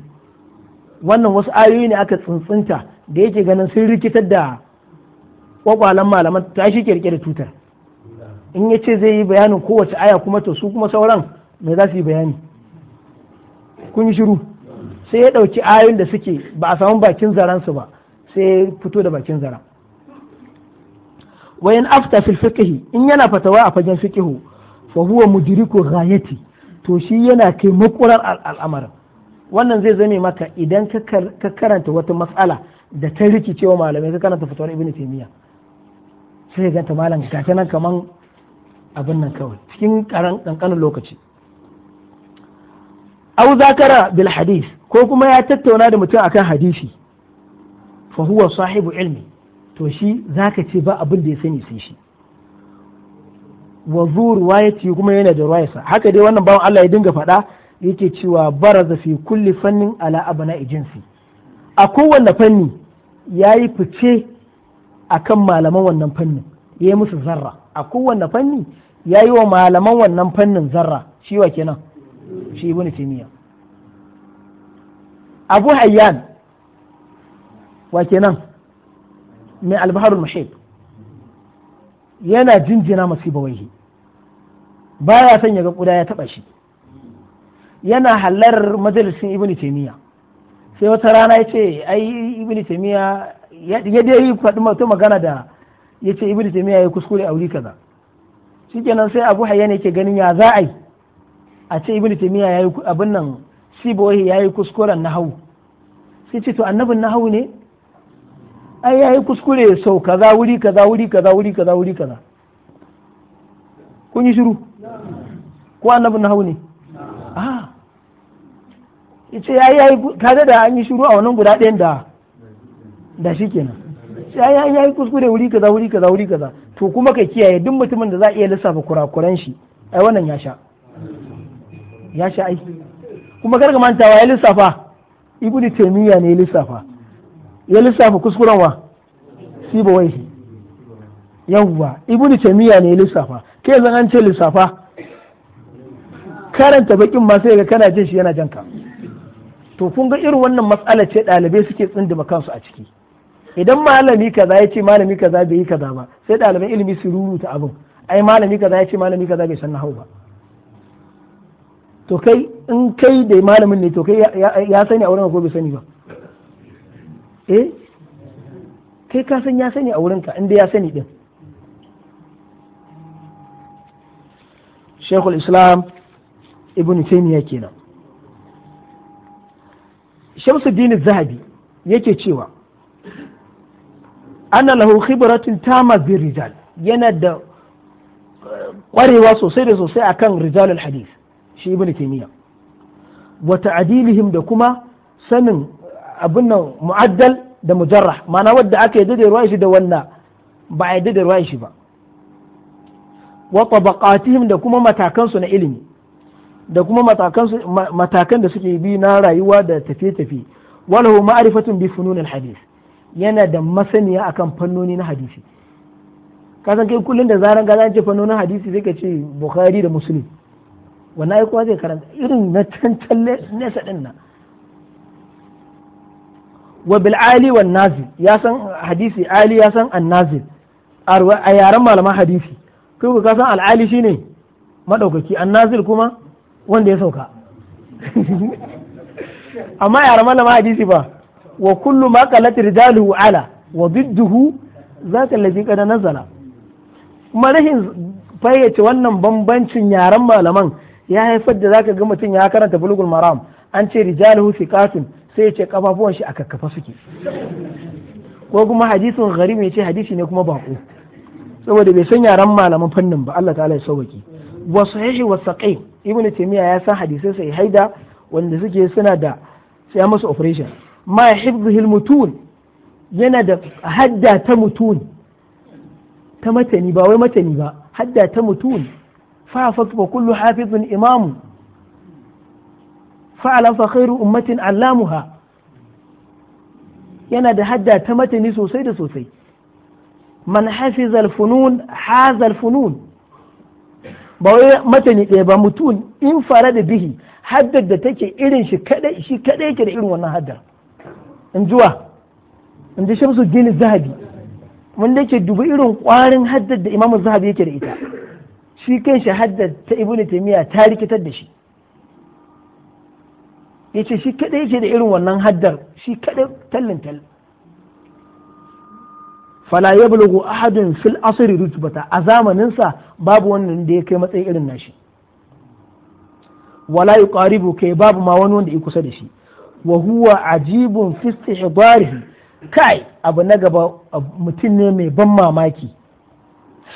wannan wasu ayoyi ne aka tsuntsunta da yake ganin sun rikitar da kwakwalan malaman ta shi da tutar in ya ce zai yi bayanin kowace aya kuma to su kuma sauran mai za su yi bayani kun yi shiru sai ya ɗauki ayoyin da suke ba a samu bakin zaransu ba sai ya fito da bakin zaren wayan afta fil fiqhi in yana fatawa a fagen fiqhu fa huwa mudriku ghayati to shi yana kai makurar al'amarin wannan zai zame maka idan ka karanta wata matsala da ta rikicewa malamai ka karanta fitowar ibnu taymiya sai ka ganta malam ga ta nan kaman abin nan kawai cikin kankanin lokaci au zakara bil hadith ko kuma ya tattauna da mutum akan hadisi fa huwa sahibu ilmi to shi zaka ce ba abin da ya sani sai shi wa zuru wayati kuma yana da ruwayarsa haka dai wannan bawan Allah ya dinga faɗa yake cewa baraza fi kulli fannin ala abana ijinsi a kowanne fanni ya yi fice a kan malaman wannan fannin ya yi musu zarra a kowanne fanni ya yi wa malaman wannan fannin zarra shi wa kenan shi ibn taymiya abu hayyan wa kenan mai albaharul mushib yana jinjina masu bawaihi baya son ya ga ƙuda ya taɓa shi yana halar majalisin ibn taymiya sai wata rana ya ce ai ibn taymiya ya dai yi faɗi mato magana da ya ce ibn taymiya ya kuskure a wuri kaza shikenan sai abu hayyan yake ganin ya za a yi a ce ibn taymiya ya yi abin nan sibohi ya yi kuskuren nahawu sai ce to annabin nahawu ne ai ya yi kuskure sau kaza wuri kaza wuri kaza wuri kaza wuri kaza kun yi shiru ko annabin nahawu ne yace ya yi kaga da an yi shiru a wannan guda ɗayan da da kenan sai yi yayi kuskure wuri kaza wuri kaza wuri kaza to kuma ka kiyaye duk mutumin da za a iya lissafa kurakuran shi ai wannan ya sha ya sha ai kuma kar ka mantawa ya lissafa ibnu taymiya ne ya lissafa ya lissafa kuskuren wa siba waihi yawwa ibnu taymiya ne ya lissafa kai yanzu an ce lissafa karanta bakin ma sai ga kana jin shi yana janka to kun ga irin wannan matsala ce ɗalibai suke tsindima kansu a ciki idan malami kaza ya ce malami kaza bai yi kaza ba sai ɗalibai ilimi su ruruta abin ai malami kaza ya ce malami kaza bai san nahau ba to kai in kai da malamin ne to kai ya sani a wurin ko bai sani ba eh kai ka san ya sani a wurinka inda ya sani din shekul islam ibn Taymiyyah kenan shamsuddin zahabi yake cewa ana lahu khibratun tama bi rijal yana da kwarewa eh, sosai da sosai akan rijal al-hadith shi ibnu taymiya wa ta'dilihim da kuma sanin abin nan mu'addal da mujarrah ma'ana wadda aka yadda da ruwa shi da wannan ba a yadda da ruwa shi ba wa tabaqatihim da kuma matakansu na ilimi da kuma matakan da suke bi na rayuwa da tafiye-tafiye walahu ma'arifatun bi fununil hadith yana da masaniya akan fannoni na hadisi kasan kai kullun da zaran ga ce fannonin hadisi sai ka ce bukhari da muslim wannan ai kuwa zai karanta irin na cancan nesa din nan wa bil ali wan nazil ya san hadisi ali ya san an nazil a yaren malaman hadisi kai ku ka san al ali shine madaukaki an nazil kuma wanda ya sauka amma ya ramana ma hadisi ba wa kullu ma qalat rijaluhu ala wa bidduhu zaka alladhi kada nazala kuma fayyace wannan bambancin yaren malaman ya haifar da zaka ga mutum ya karanta bulugul maram an ce rijaluhu thiqatun sai ya ce kafafuwan shi a kakkafa suke ko kuma hadisin gharib ya ce hadisi ne kuma bako saboda bai san yaren malaman fannin ba Allah ta'ala ya sauwaki wa sahihi wa saqim ibn taymiya ya san hadisai sai haida wanda suke suna da sai masu operation ma hifdhil mutun yana da hadda ta mutun ta matani ba wai matani ba hadda ta mutun fa fa kullu hafizun imamu fa'ala fa khairu ummatin allamuha yana da hadda ta matani sosai da sosai man hafiza al-funun haza al-funun ba wai matani ɗaya ba mutum in fara da bihi haddar da take irin shi kadai shi kaɗai yake da irin wannan haddar in zuwa in ji shamsu gini zahabi wanda yake dubi irin kwarin haddar da imamu zahabi yake da ita shi kan shi haddar ta ibnu taymiya ta rikitar da shi Ya ce shi kadai yake da irin wannan haddar shi kadai tallin tallin fala yablughu ahadun fil asri rutbata a zamaninsa babu wannan da ya kai matsayi irin nashi wala yuqaribu kai babu ma wani wanda ya kusa da shi wa huwa ajibun fi istihdarihi kai abu na gaba mutum ne mai ban mamaki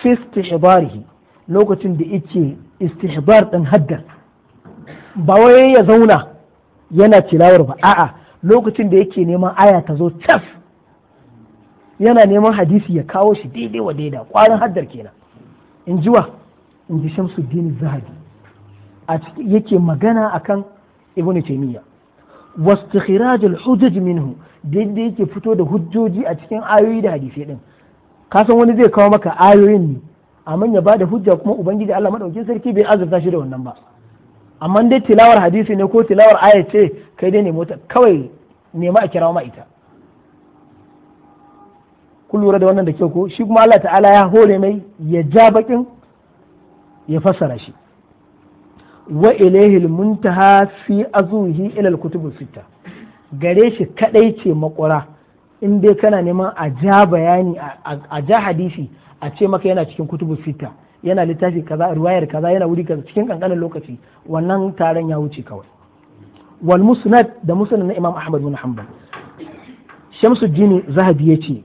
fi istihdarihi lokacin da yake istihbar din haddar ba wai ya zauna yana tilawar ba a'a lokacin da yake neman aya ta zo tas yana neman hadisi ya kawo shi daidai wa daida kwarin haddar kenan in ji wa in ji Shamsu dini zahabi a yake magana akan ibnu taymiya wastikhraj al-hujaj minhu daidai yake fito da hujjoji a cikin ayoyi da hadisi din kasan wani zai kawo maka ayoyin ne amma ya bada hujja kuma ubangiji Allah madaukin sarki bai azurta shi da wannan ba amma dai tilawar hadisi ne ko tilawar aya ce kai dai ne mota kawai nema a kirawo ma ita kun lura da wannan da kyau ko shi kuma Allah ta'ala ya hore mai ya ja bakin ya fassara shi wa ilaihi muntaha fi azuhi ila al-kutub sita gare shi kadai ce makwara in dai kana neman a ja bayani a ja hadisi a ce maka yana cikin kutubu sita yana littafi kaza ruwayar kaza yana wuri kaza cikin kankanin lokaci wannan taron ya wuce kawai wal musnad da musnad na imam ahmad bin hanbal shamsuddin zahabi yace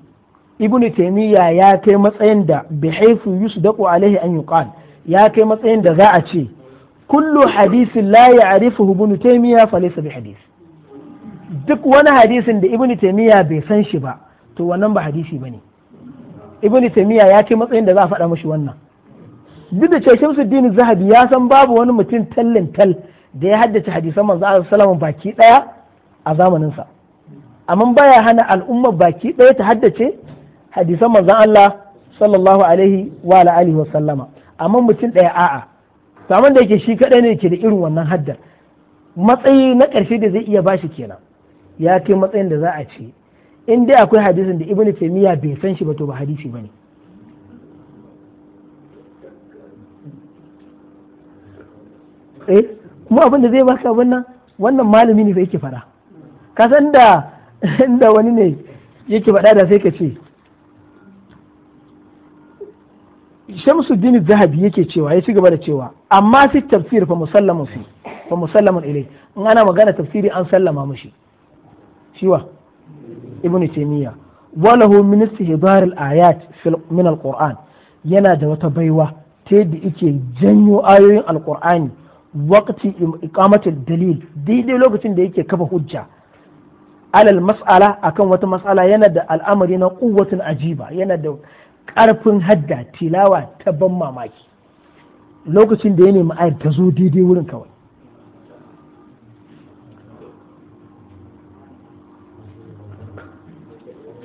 ibn taymiya ya kai matsayin da bi haifu yusdaqu alaihi an yuqal ya kai matsayin da za a ce kullu hadisin la ya'rifuhu ibn taymiya falaysa bi hadis duk wani hadisin da ibn taymiya bai san shi ba to wannan ba hadisi bane ibn taymiya ya kai matsayin da za a faɗa mashi wannan duk da cewa Shamsuddin Zahabi ya san babu wani mutum tallin tal da ya haddace hadisan manzo Allah sallallahu baki daya a zamaninsa amma baya hana al'umma baki daya ta haddace hadisan manzon Allah sallallahu alaihi wa alihi wa sallama amma mutum ɗaya a'a saman da yake shi kaɗai ne ke da irin wannan haddar matsayi na ƙarshe da zai iya bashi kenan ya kai matsayin da za a ce in dai akwai hadisin da ibnu taymiya bai san shi ba to ba hadisi bane eh kuma abin da zai baka wannan wannan malami ne sai yake fara ka san da inda wani ne yake faɗa da sai ka ce Shamsuddin Zahabi yake cewa ya ci gaba da cewa amma fi tafsir fa musallamun fi fa musallamun ilai in ana magana tafsiri an sallama mushi shiwa ibnu taymiya wa lahu min istihdar al ayat min al qur'an yana da wata baiwa ta yadda yake janyo ayoyin al qur'ani waqti iqamatul dalil daidai lokacin da yake kafa hujja alal mas'ala akan wata mas'ala yana da al'amari na quwwatin ajiba yana da ƙarfin hadda tilawa ta ban mamaki lokacin da ya nemi ayar ta zo daidai wurin kawai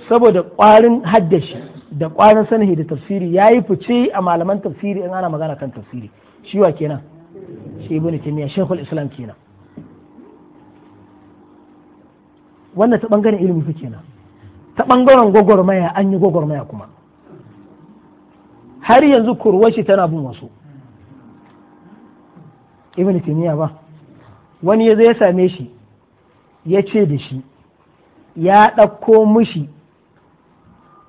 saboda ƙwarin haddashi da ƙwarin sanahi da tafsiri ya yi fice a malaman tafsiri in ana magana kan tafsiri shi wa kenan shi ibn taymiya shaykhul islam kenan wannan ta ɓangaren ilimi fa kenan ta ɓangaren gwagwarmaya an yi gwagwarmaya kuma har yanzu kurwashi shi tana bin wasu ibn timiya ba wani ya zo ya same shi ya ce da shi ya ɗauko mushi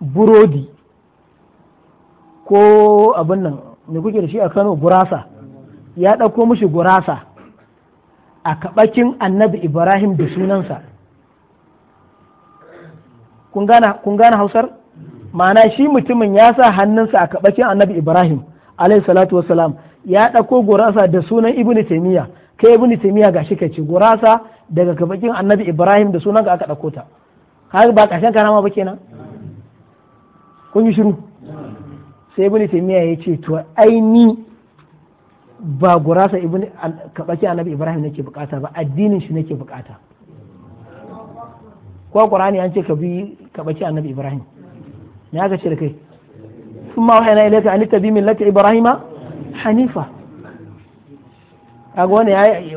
burodi ko abin nan me kuke da shi a kano gurasa ya ɗauko mushi gurasa a kaɓakin annabi ibrahim da sunansa kun gana hausar ma'ana shi mutumin ya sa hannunsa a kabakin annabi ibrahim alayhi salatu ya ɗauko gurasa da sunan ibnu taimiyya kai ibnu taimiyya ga shi ce gurasa daga kaɓakin annabi ibrahim da sunan ga aka ɗauko ta har ba ƙarshen karama ba kenan kun yi shiru sai ibnu taimiyya ya ce to ai ba gurasa ibnu kaɓakin annabi ibrahim nake bukata ba addinin shi nake bukata ko qur'ani an ce ka bi kaɓakin annabi ibrahim me aka ce da kai sun ma wa'ina ilaika an tabi millata ibrahima hanifa kaga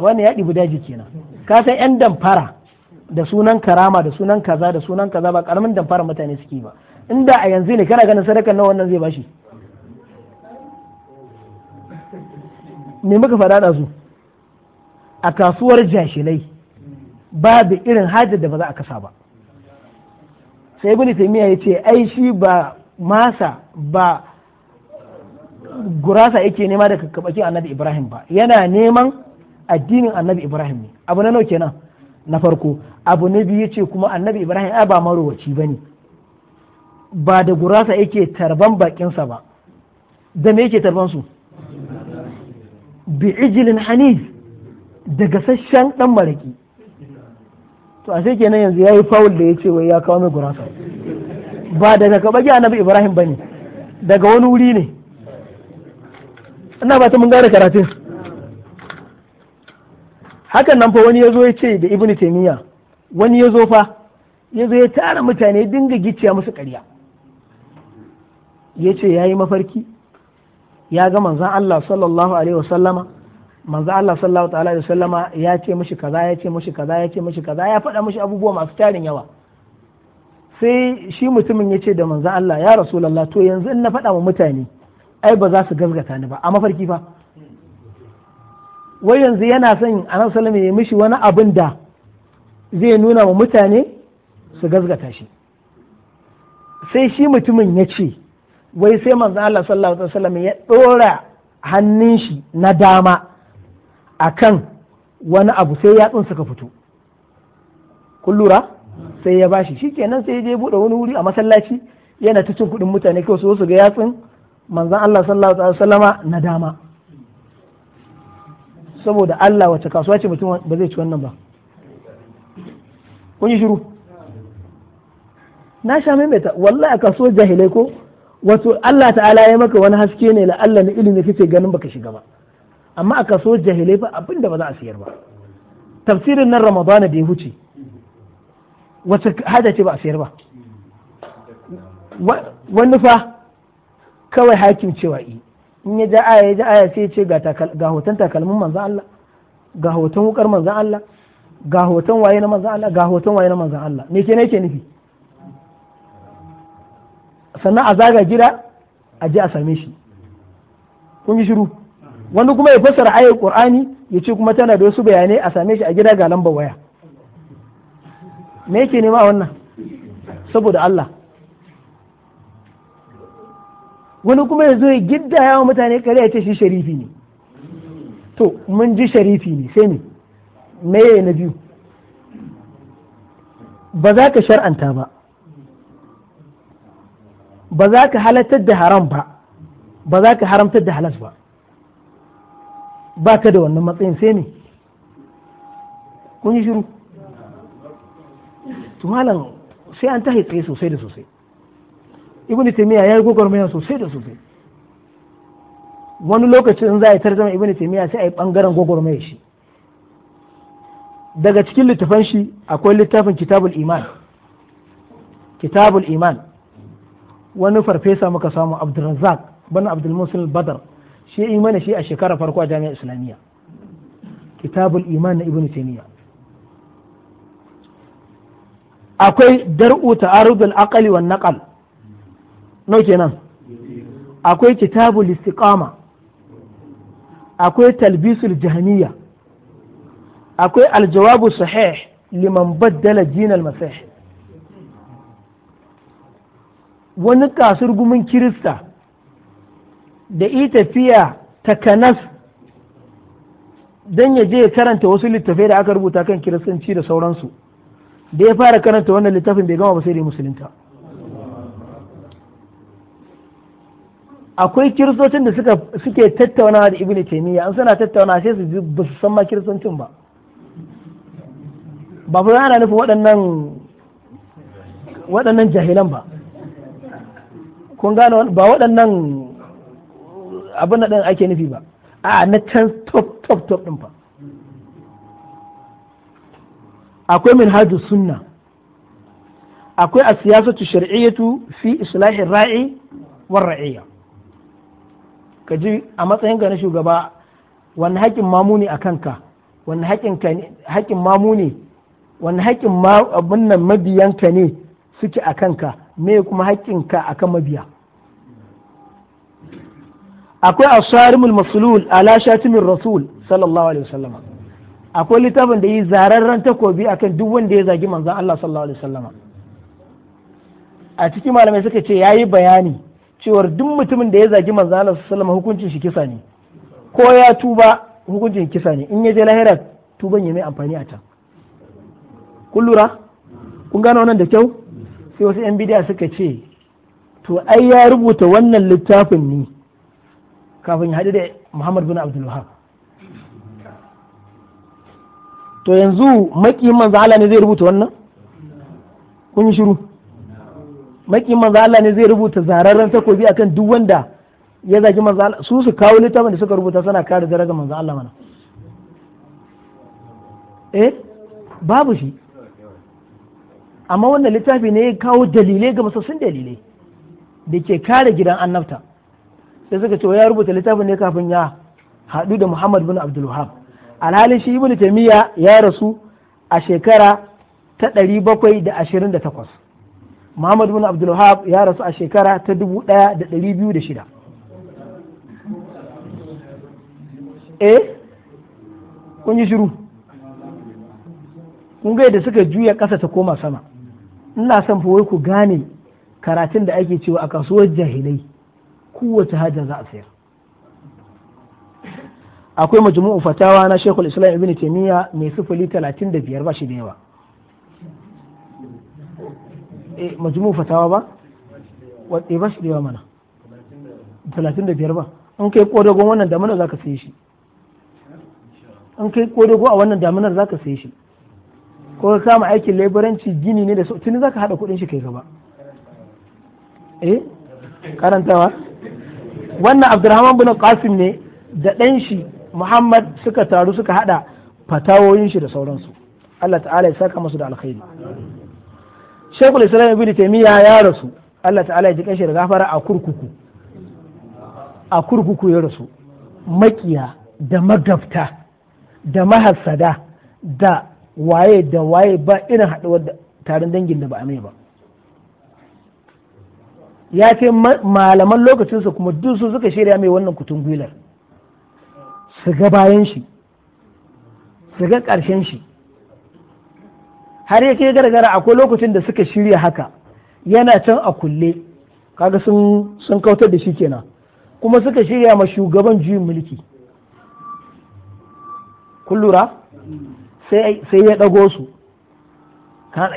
wani ya ɗibi daji kenan ka san yan damfara da sunan karama da sunan kaza da sunan kaza ba karamin damfara mutane suke ba inda a yanzu ne kana ganin sadakar na wannan zai bashi me muka faɗa da su a kasuwar jashilai babu irin hajar da ba za a kasa ba sai ibn taymiya ya ce ai shi ba masa ba gurasa yake nema daga kabakin annabi ibrahim ba yana neman addinin annabi ibrahim ne abu na nauke nan na farko abu na biyu ce kuma annabi ibrahim a ba marowaci ba ne ba da gurasa yake tarban bakinsa ba da me yake tarban su bi ijilin hanif daga sashen dan maraki to sai kenan yanzu ya yi faul da ya ce wai ya kawo mai gurasa ba daga kabagi annabi Ibrahim bane daga wani wuri ne ina ba ta mun gara karatun hakan nan fa wani ya zo ya ce da Ibn Taimiyya wani ya zo fa ya zo ya tara mutane dinga gicciya musu ƙarya ya yi mafarki ya ga manzan Allah sallallahu alaihi wasallama manzo Allah sallallahu ta'ala da sallama ya ce mishi kaza ya ce mishi kaza ya ce mishi kaza ya faɗa mishi abubuwa masu tarin yawa sai shi mutumin ya ce da manzo Allah ya rasulullah to yanzu in na faɗa wa mutane ai ba za su gazgata ni ba a mafarki fa wai yanzu yana son annabi sallama ya mishi wani abin da zai nuna wa mutane su gazgata shi sai shi mutumin ya ce wai sai manzo Allah sallallahu alaihi wasallam ya dora hannun shi na dama akan wani abu sai yatsun suka fito kun lura sai ya bashi shikenan sai ya je bude wani wuri a masallaci yana ta cin kuɗin mutane kawai su su ga yatsun manzan Allah sallallahu alaihi na dama saboda Allah wace kasuwa ce mutum ba zai ci wannan ba kun yi shiru na sha maimaita wallahi a kasuwar jahilai ko wato Allah ta'ala ya maka wani haske ne la Allah na ilimi kake ganin baka shiga ba amma a kaso jahilai ba abin da ba za a siyar ba tafsirin nan ramadana da ya huce wacce hada ce ba a siyar ba wani fa kawai hakim cewa yi in ya ja aya ya ja aya sai ce ga hoton takalmin manzan Allah ga hoton wukar manzan Allah ga hoton waye na manzan Allah ga hoton waye na manzan Allah me ke nake nufi sannan a zaga gida a je a same shi kun yi shiru wani kuma ya fassara ayar qur'ani ya ce kuma tana da wasu bayanai a same shi a gida ga lambar waya me yake nema wannan saboda Allah wani kuma ya zo ya gidda yawa mutane kare ya ce shi sharifi ne to mun ji sharifi ne sai ne me na biyu ba za ka shar'anta ba ba za ka halartar da haram ba ba za ka haramtar da halas ba ba ka da wannan matsayin sai ne kun yi shiru to malam sai an tahi tsaye sosai da sosai ya yi yayi gwagwarmaya sosai da sosai wani lokacin za a yi tarjama ibnu taymiya sai a yi bangaren gwagwarmaya shi daga cikin littafan shi akwai littafin kitabul iman kitabul iman wani farfesa muka samu abdulrazak bana abdulmusul badar shi yi mana shi a shekara farko a jami'ar islamiyya kitabul iman na ibn taymiya akwai dar'u ta'arudul aqli wan naqal no kenan akwai kitabul istiqama akwai talbisul jahmiya akwai aljawabu sahih liman baddala dinal masih wani kasurgumin kirista da yi tafiya ta kanas don ya je ya karanta wasu littafai da aka rubuta kan kiristanci da sauransu da ya fara karanta wannan littafin bai gama ba sai da musulunta akwai kiristocin da suke tattaunawa da Ibn taymiya an suna tattauna sai su ba su san ma kiristocin ba ba fa ana nufin waɗannan waɗannan jahilan ba kun gane ba waɗannan abin da ake nufi ba a na can top top top din fa akwai minhajus sunna akwai a siyasatu shari'iyyatu fi islahi ra'i war ra'iyya ka ji a matsayin ka na shugaba wani haƙin mamu ne a kanka wani haƙin mamu ne wani haƙin abin nan mabiyanka ne suke a kanka me kuma haƙinka kan mabiya akwai asharimul maslul ala shatimin rasul sallallahu alaihi wasallam akwai littafin da yi zararren takobi akan duk wanda ya zagi manzon Allah sallallahu alaihi wasallam a cikin malamai suka ce yayi bayani cewa duk mutumin da ya zagi manzon Allah sallallahu alaihi hukuncin shi kisa ne ko ya tuba hukuncin kisa ne in ya je lahira tuban ya mai amfani a can kun lura kun gano wannan da kyau sai wasu yan bidiya suka ce to ai ya rubuta wannan littafin ne kafin ya haɗu da Muhammad bin Abdul Wahab to yanzu maki manzo Allah ne zai rubuta wannan kun yi shiru maki manzo Allah ne zai rubuta zararren takobi akan duk wanda ya zaki manzo Allah su su kawo littafin da suka rubuta suna kare darajar manzo Allah mana eh babu shi amma wannan littafi ne ya kawo dalilai ga masassun dalilai da ke kare gidan annabta sai suka ce oh, ya rubuta littafin ne kafin ya haɗu da Muhammad bin Abdul Wahab alhalin shi ibnu taymiya ya rasu a shekara ta 728 Muhammad bin Abdul Wahab ya rasu a shekara ta 1206 eh kun yi shiru kun ga yadda suka juya ƙasa ta koma sama ina son fa wai ku gane karatun da ake cewa a kasuwar jahilai kowace haja za a sayar akwai majmu'u fatawa na shekul Islam Ibn taimiyya mai da biyar ba shi da yawa eh majmu'u fatawa ba wadda eh, ba shi da yawa mana da talatin biyar ba in kai kodago wannan za ka sai shi in kai kodago a wannan damunar ka sai shi ko ka kama aikin laboranci gini ne da su tuni ka hada kuɗin shi kai gaba eh karantawa wannan Abdulrahman bin qasim ne da ɗan shi muhammad suka taru suka hada fatawoyin shi da sauransu Allah ta'ala ya saka masu da alkhairi shekul islam ibn taymiya ya rasu Allah ta'ala ya ji kashi da gafara a kurkuku a kurkuku ya rasu makiya da magabta da mahassada da waye da waye ba irin haɗuwar tarin dangin da ba a mai ba ya ce malaman lokacinsa kuma duk su suka shirya mai wannan kutun gwilar su ga bayan shi su ga ƙarshen shi har yake gargara akwai lokacin da suka shirya haka yana can a kulle kaga sun kautar da shi kenan kuma suka shirya ma shugaban juyin mulki kun sai ya ɗago su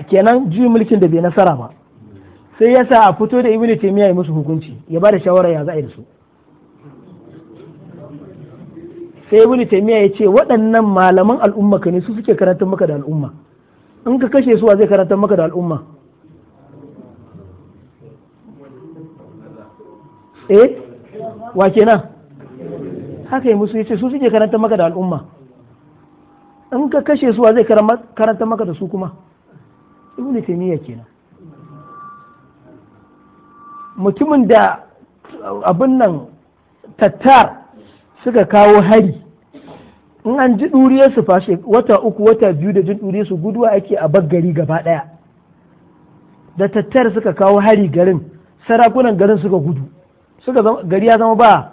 kenan juyin mulkin da bai nasara ba sai yasa a fito da ibini taymiya ya musu hukunci ya ba da shawara ya za a yi da su sai ibnu taymiya ya ce waɗannan malaman al'umma ka ne su suke karantar maka da al'umma in ka kashe su zai karantar maka da al'umma eh wa kenan haka yi musu ya ce su suke karantar maka da al'umma in ka kashe su zai karantar maka da su kuma ibnu ke kenan mutumin da abin nan tattar suka kawo hari in an ji ɗuriyarsu fashe wata uku wata biyu da jin ɗuriyarsu guduwa ake a baggari gaba ɗaya da tattar suka kawo hari garin sarakunan garin suka gudu suka gari ya zama ba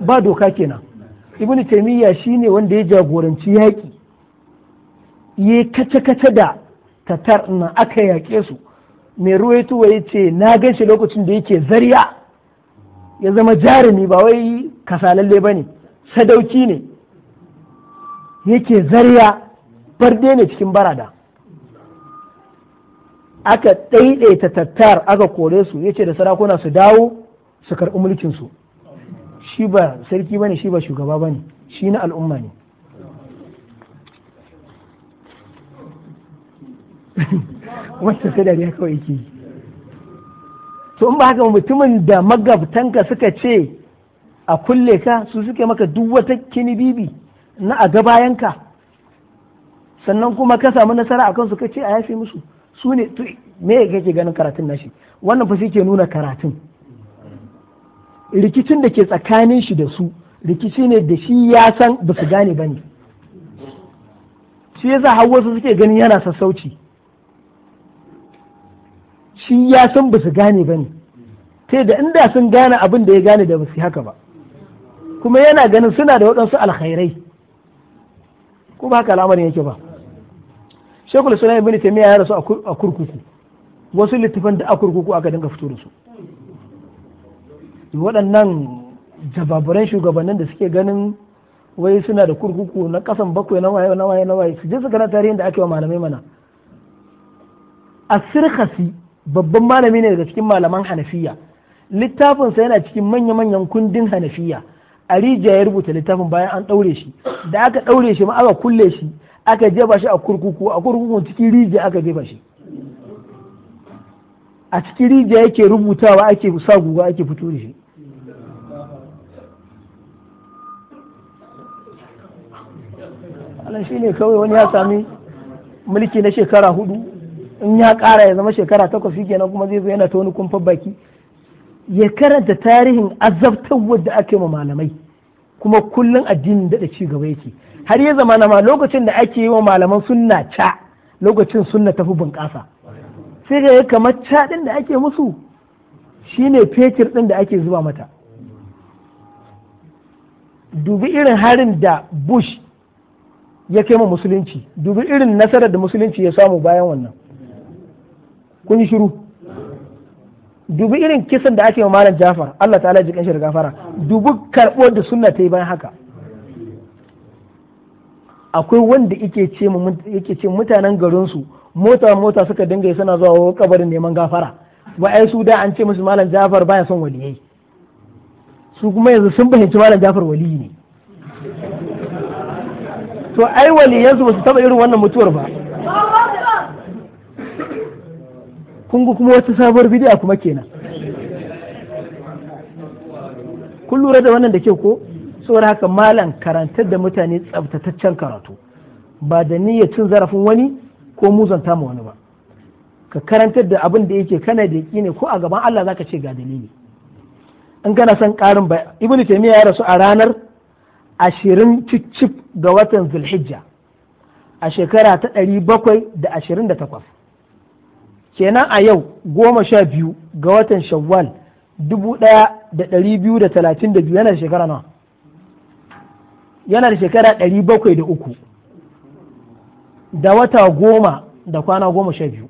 ba doka kenan ibn taimiyya shine wanda ya jagoranci yaƙi ya kace-kace da tattar nan aka yaƙe su mai ruwaituwa ya ce na gan shi lokacin da yake zariya ya zama jarumi ba wai kasalalle ba ne sadauki ne yake zariya barde ne cikin barada aka ɗaiɗaita tattar aka kore su ya ce da sarakuna su dawo su karɓi mulkinsu shi ba sarki ba ne shi ba shugaba ba ne shi na al'umma ne wasu sai dariya kawai yake yi to in ba haka mutumin da magabtanka suka ce a kulle ka su suke maka duk wata kini bibi na a gabayanka sannan kuma ka samu nasara a kansu ka ce a yafe musu su ne me kake ganin karatun nashi wannan fa ke nuna karatun rikicin da ke tsakanin shi da su rikici ne da shi ya san ba su gane ba ne shi yasa har su suke ganin yana sassauci shi ya san ba su gane ba ne ta da inda sun gane abin da ya gane da ba su haka ba kuma yana ganin suna da waɗansu alkhairai ko ba haka al'amarin yake ba shekul sunan ibn taymiya ya rasu a kurkuku wasu littafin da a kurkuku aka dinga fito da su waɗannan jababuran shugabannin da suke ganin wai suna da kurkuku na kasan bakwai na waye na waye na waye su je su gana tarihin da ake wa malamai mana a sirkasi. babban malami ne daga cikin malaman hanafiya littafinsa yana cikin manya-manyan kundin hanafiya a rijiya ya rubuta littafin bayan an ɗaure shi da aka ɗaure shi ma aka kulle shi aka jefa shi a kurkuku a kurkukun cikin rijiya aka jefa shi a cikin rijiya yake rubutawa ake sa guga ake fito da shi Allah shi ne kawai wani ya sami mulki na shekara hudu in ya kara ya zama shekara takwas shi kenan kuma zai zo yana ta wani kumfa baki ya karanta tarihin azabtarwar da ake ma malamai kuma kullum addinin da ci gaba yake har ya zama ma lokacin da ake yi wa malaman sunna ca lokacin sunna tafi bunƙasa sai ga kamar ca ɗin da ake musu shine fetir ɗin da ake zuba mata dubi irin harin da bush ya kai ma musulunci dubi irin nasarar da musulunci ya samu bayan wannan kun yi shiru dubi irin kisan da ake wa malam Jafar Allah ta'ala jikan kanshi da gafara dubi karɓo da sunna ta yi bayan haka akwai wanda yake ce mutanen garinsu mota mota suka dinga suna zuwa kabarin neman gafara ba ai su da an ce musu malam Jafar baya son waliyai su kuma yanzu sun fahimci malam Jafar waliyi ne to ai waliyansu ba su taba irin wannan mutuwar ba kun ga kuma wata sabuwar bidiyo kuma kenan kun lura da wannan da ke ko saboda haka malam karantar da mutane tsabtataccen karatu ba da niyyar cin zarafin wani ko muzanta ma wani ba ka karantar da abin da yake kana da yaki ne ko a gaban Allah zaka ce ga dalili in kana son karin ba ibnu taymiya ya rasu a ranar ashirin cicif ga watan zulhijja a shekara ta ɗari bakwai da ashirin da takwas kenan a yau goma sha biyu ga watan shawwal dubu ɗaya da ɗari biyu da talatin da biyu yana da shekara nawa yana da shekara ɗari bakwai da uku da wata goma da kwana goma sha biyu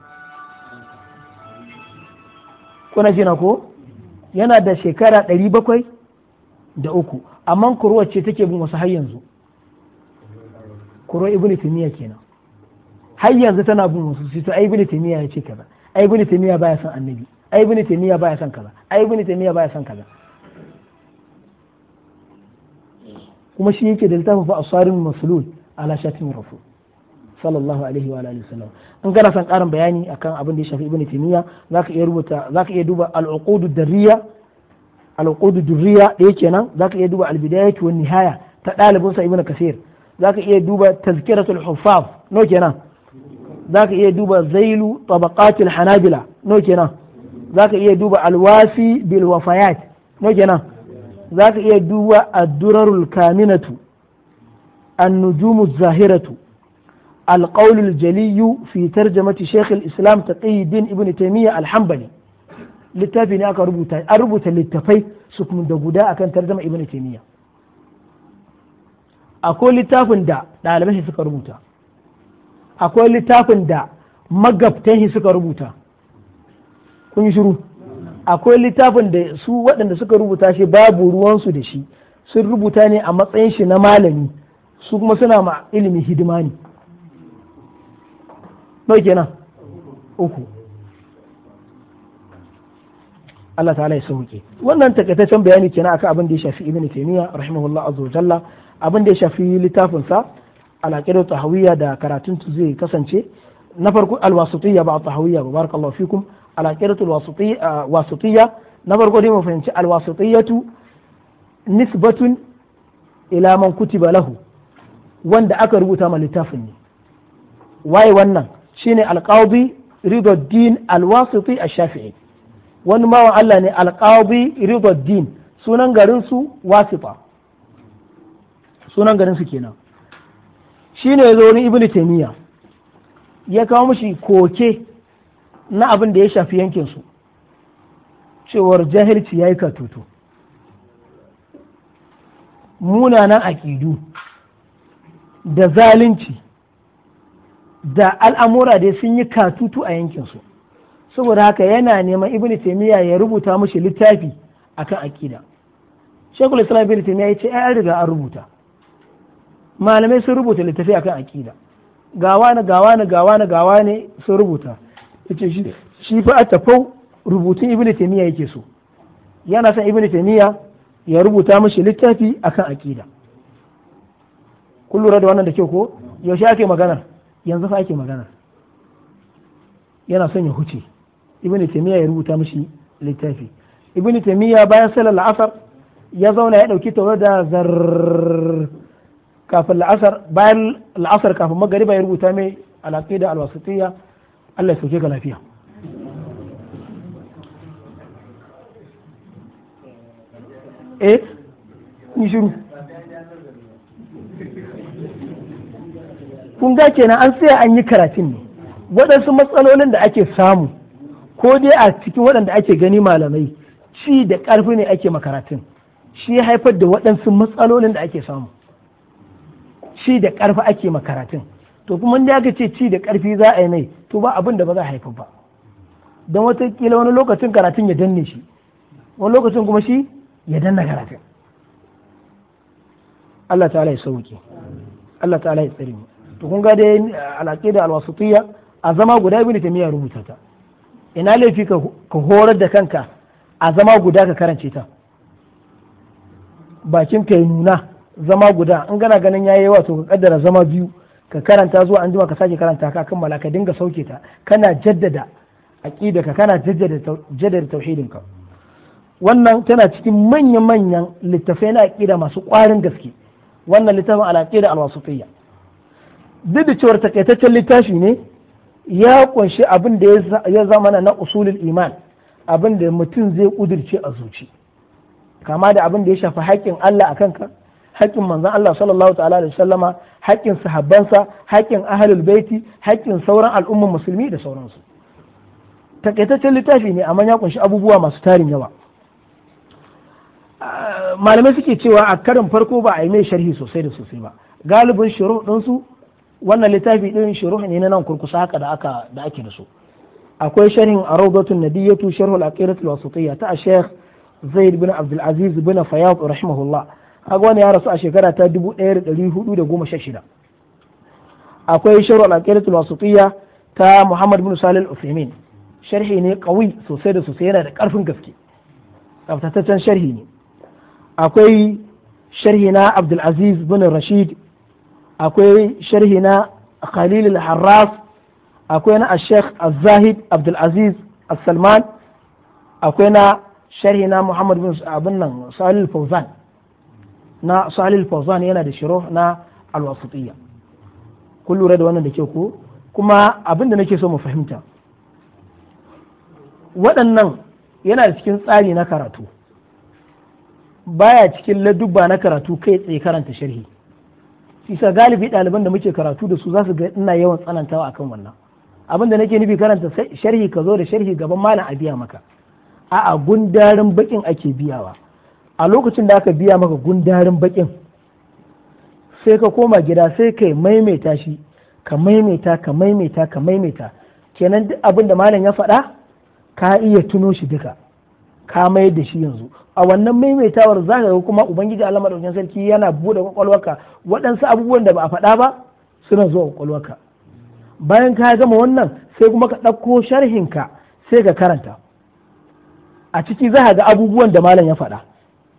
kuna jina ko yana da shekara ɗari bakwai da uku amma kuruwa ce take bin wasu har yanzu kuruwa ibn timiya kenan har yanzu tana bin wasu sai ibn timiya ya ce kaza ai ibn taymiya baya son annabi ai ibn taymiya baya son kaza ai ibn taymiya baya son kaza kuma shi yake da littafin fa asarin maslul ala shatin rasul sallallahu alaihi wa alihi wasallam in kana son karin bayani akan abin da ya shafi ibn taymiya zaka iya rubuta zaka iya duba al-uqud darriya al-uqud durriya da yake zaka iya duba al wa wan nihaya ta dalibin sa ibn kasir zaka iya duba tazkiratul huffaz no kenan za ka iya duba zailu tabaqatil hanabila no kenan za iya duba alwafi bil wafayat no kenan za iya duba addurarul kaminatu annujumu zahiratu jaliyu الجلي في ترجمة islam الإسلام تقي الدين ابن تيمية الحنبلي littafi ne aka rubuta an rubuta littafai su guda akan tarjama ibn taymiya akwai littafin da ɗalibai suka rubuta akwai littafin da magabtanhi suka rubuta kun yi shiru akwai littafin da su waɗanda suka rubuta shi babu ruwansu da shi sun rubuta ne a matsayin shi na malami su kuma suna ma ilimi hidima ne nau kenan uku Allah ta'ala ya sauke wannan takaitaccen bayani kenan akan abin da ya shafi ibn taymiya rahimahullah azza wa jalla abin da ya shafi littafin sa alaƙirar tahawiyya da karatun zai kasance na farko alwasutiyya ba tahawiyya ba Allah fikum alaƙiratul wasutiyya na farko dai mu fahimci tu nisbatun ila man kutiba lahu wanda aka rubuta ma littafin ne waye wannan shine alqadi ridaddin alwasiti ash-shafi'i wani mawa Allah ne alqadi ridaddin sunan garin su sunan garin su kenan Shi zo wani Ibn taymiya ya kawo mishi koke na abin da ya shafi yankin su cewar jahilci yayi katutu munanan aƙidu da zalunci da al'amura da sun yi katutu a yankinsu saboda haka yana neman ibn taimiyya ya rubuta mashi littafi akan aƙida shekul islam ibn taimiyya ya ce ai riga an rubuta malamai sun rubuta littafi akan aƙida gawa na gawa na gawa na gawa ne sun rubuta yace shi shi fa a tafau rubutun ibnu taymiya yake so yana son ibnu taymiya ya rubuta mishi littafi akan aƙida kun lura da wannan da kyau ko yaushe ake magana yanzu fa ake magana yana son ya huce ibnu taymiya ya rubuta mishi littafi ibnu taymiya bayan sallar asar ya zauna ya dauki tawada da kafin la'asar bayan la'asar kafin magariba ya rubuta mai da alwasitiyya Allah ya sauke ga lafiya eh kun shiru kun ga kenan an tsaya an yi karatun ne waɗansu matsalolin da ake samu ko dai a cikin waɗanda ake gani malamai ci da ƙarfi ne ake makaratun shi haifar da waɗansu matsalolin da ake samu ci da ƙarfi ake makaratun to kuma da aka ce ci da ƙarfi za a yi mai to ba abin da ba za a haifa ba don watakila wani lokacin karatun ya danne shi wani lokacin kuma shi ya danna karatun Allah ta'ala ya sauke Allah ta'ala ya tsari to kun ga dai eh, al da al-wasitiyya a zama guda ta miya rubuta ta ina laifi ka horar da kanka a zama guda ka karance ta bakin ka nuna zama guda in gana ganin yayi yawa to ka kaddara zama biyu ka karanta zuwa anjima ka sake karanta ka kammala ka dinga sauke ta kana jaddada ka kana jaddada ka wannan tana cikin manya manyan littafai na aqida masu kwarin gaske wannan littafin al-aqida al-wasitiyya duk da takaitaccen littafi ne ya kunshi abin da ya zama na usulul iman abin da mutum zai kudirce a zuci kama da abin da ya shafi haƙƙin Allah a kanka haƙƙin manzon Allah sallallahu ta'ala da sallama haƙƙin sahabbansa haƙƙin ahalul baiti haƙƙin sauran al'umman musulmi da sauransu takaitaccen littafi ne amma ya kunshi abubuwa masu tarin yawa malamai suke cewa a karin farko ba a yi mai sharhi sosai da sosai ba galibin shuruh ɗinsu wannan littafi ɗin shuruh ne na nan kurkusa haka da aka da ake da su akwai sharhin arawdatun nadiyatu sharhul aqidatul wasitiyya ta a sheikh zaid bin abdul aziz bin fayyad rahimahullah kaga wani ya rasu a shekara ta dubu ɗaya da da hudu goma shida akwai sharh al-aqidatul ta Muhammad bin Salih al sharhi ne kawi sosai da sosai yana da karfin gaske tsaftataccen sharhi ne akwai sharhi na Abdul bin Rashid akwai sharhi na Khalil al akwai na Sheikh Az-Zahid Abdul Aziz salman akwai na sharhi na Muhammad bin Abin nan Salih al-Fawzan na salil fawzan yana da shiruh na alwasitiyya kun lura da wannan da ke ko kuma abinda nake so mu fahimta waɗannan yana da cikin tsari na karatu baya cikin ladubba na karatu kai tsaye karanta sharhi sisa galibi ɗaliban da muke karatu da su za su ga ina yawan tsanantawa akan wannan abin da nake nufi karanta sharhi ka zo da sharhi gaban malam a biya maka a'a gundarin bakin ake biyawa a lokacin da aka biya maka gundarin bakin sai ka koma gida sai ka maimaita shi ka maimaita ka maimaita ka maimaita kenan duk abin da malam ya faɗa ka iya tuno shi duka ka mayar da shi yanzu a wannan maimaitawar za ka ga kuma ubangiji Allah madaukakin sarki yana buɗe kwakwalwarka waɗansu abubuwan da ba a faɗa ba suna zuwa kwakwalwarka bayan ka gama wannan sai kuma ka ɗauko sharhinka sai ka karanta a ciki za ka ga abubuwan da malam ya faɗa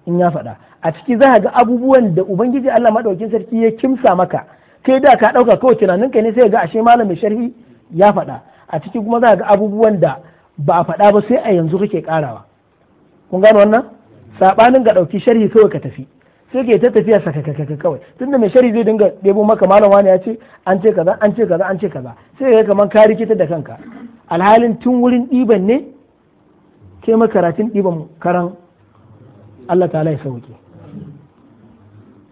in ya faɗa a ciki za ga abubuwan da ubangiji Allah madaukakin sarki ya kimsa maka kai da ka ɗauka kawai kai ne sai ga ashe malamin sharhi ya faɗa a ciki kuma za ga abubuwan da ba a faɗa ba sai a yanzu kake karawa kun gano wannan saɓanin ga ɗauki sharhi kawai ka tafi sai ke ta tafiya sakakakaka kawai tunda mai sharhi zai dinga ɗebo maka malam wani ya ce an ce kaza an ce kaza an ce kaza sai ya kaman ka rikita da kanka alhalin tun wurin ɗiban ne kai makaratun ɗiban karan Allah ta ya sauke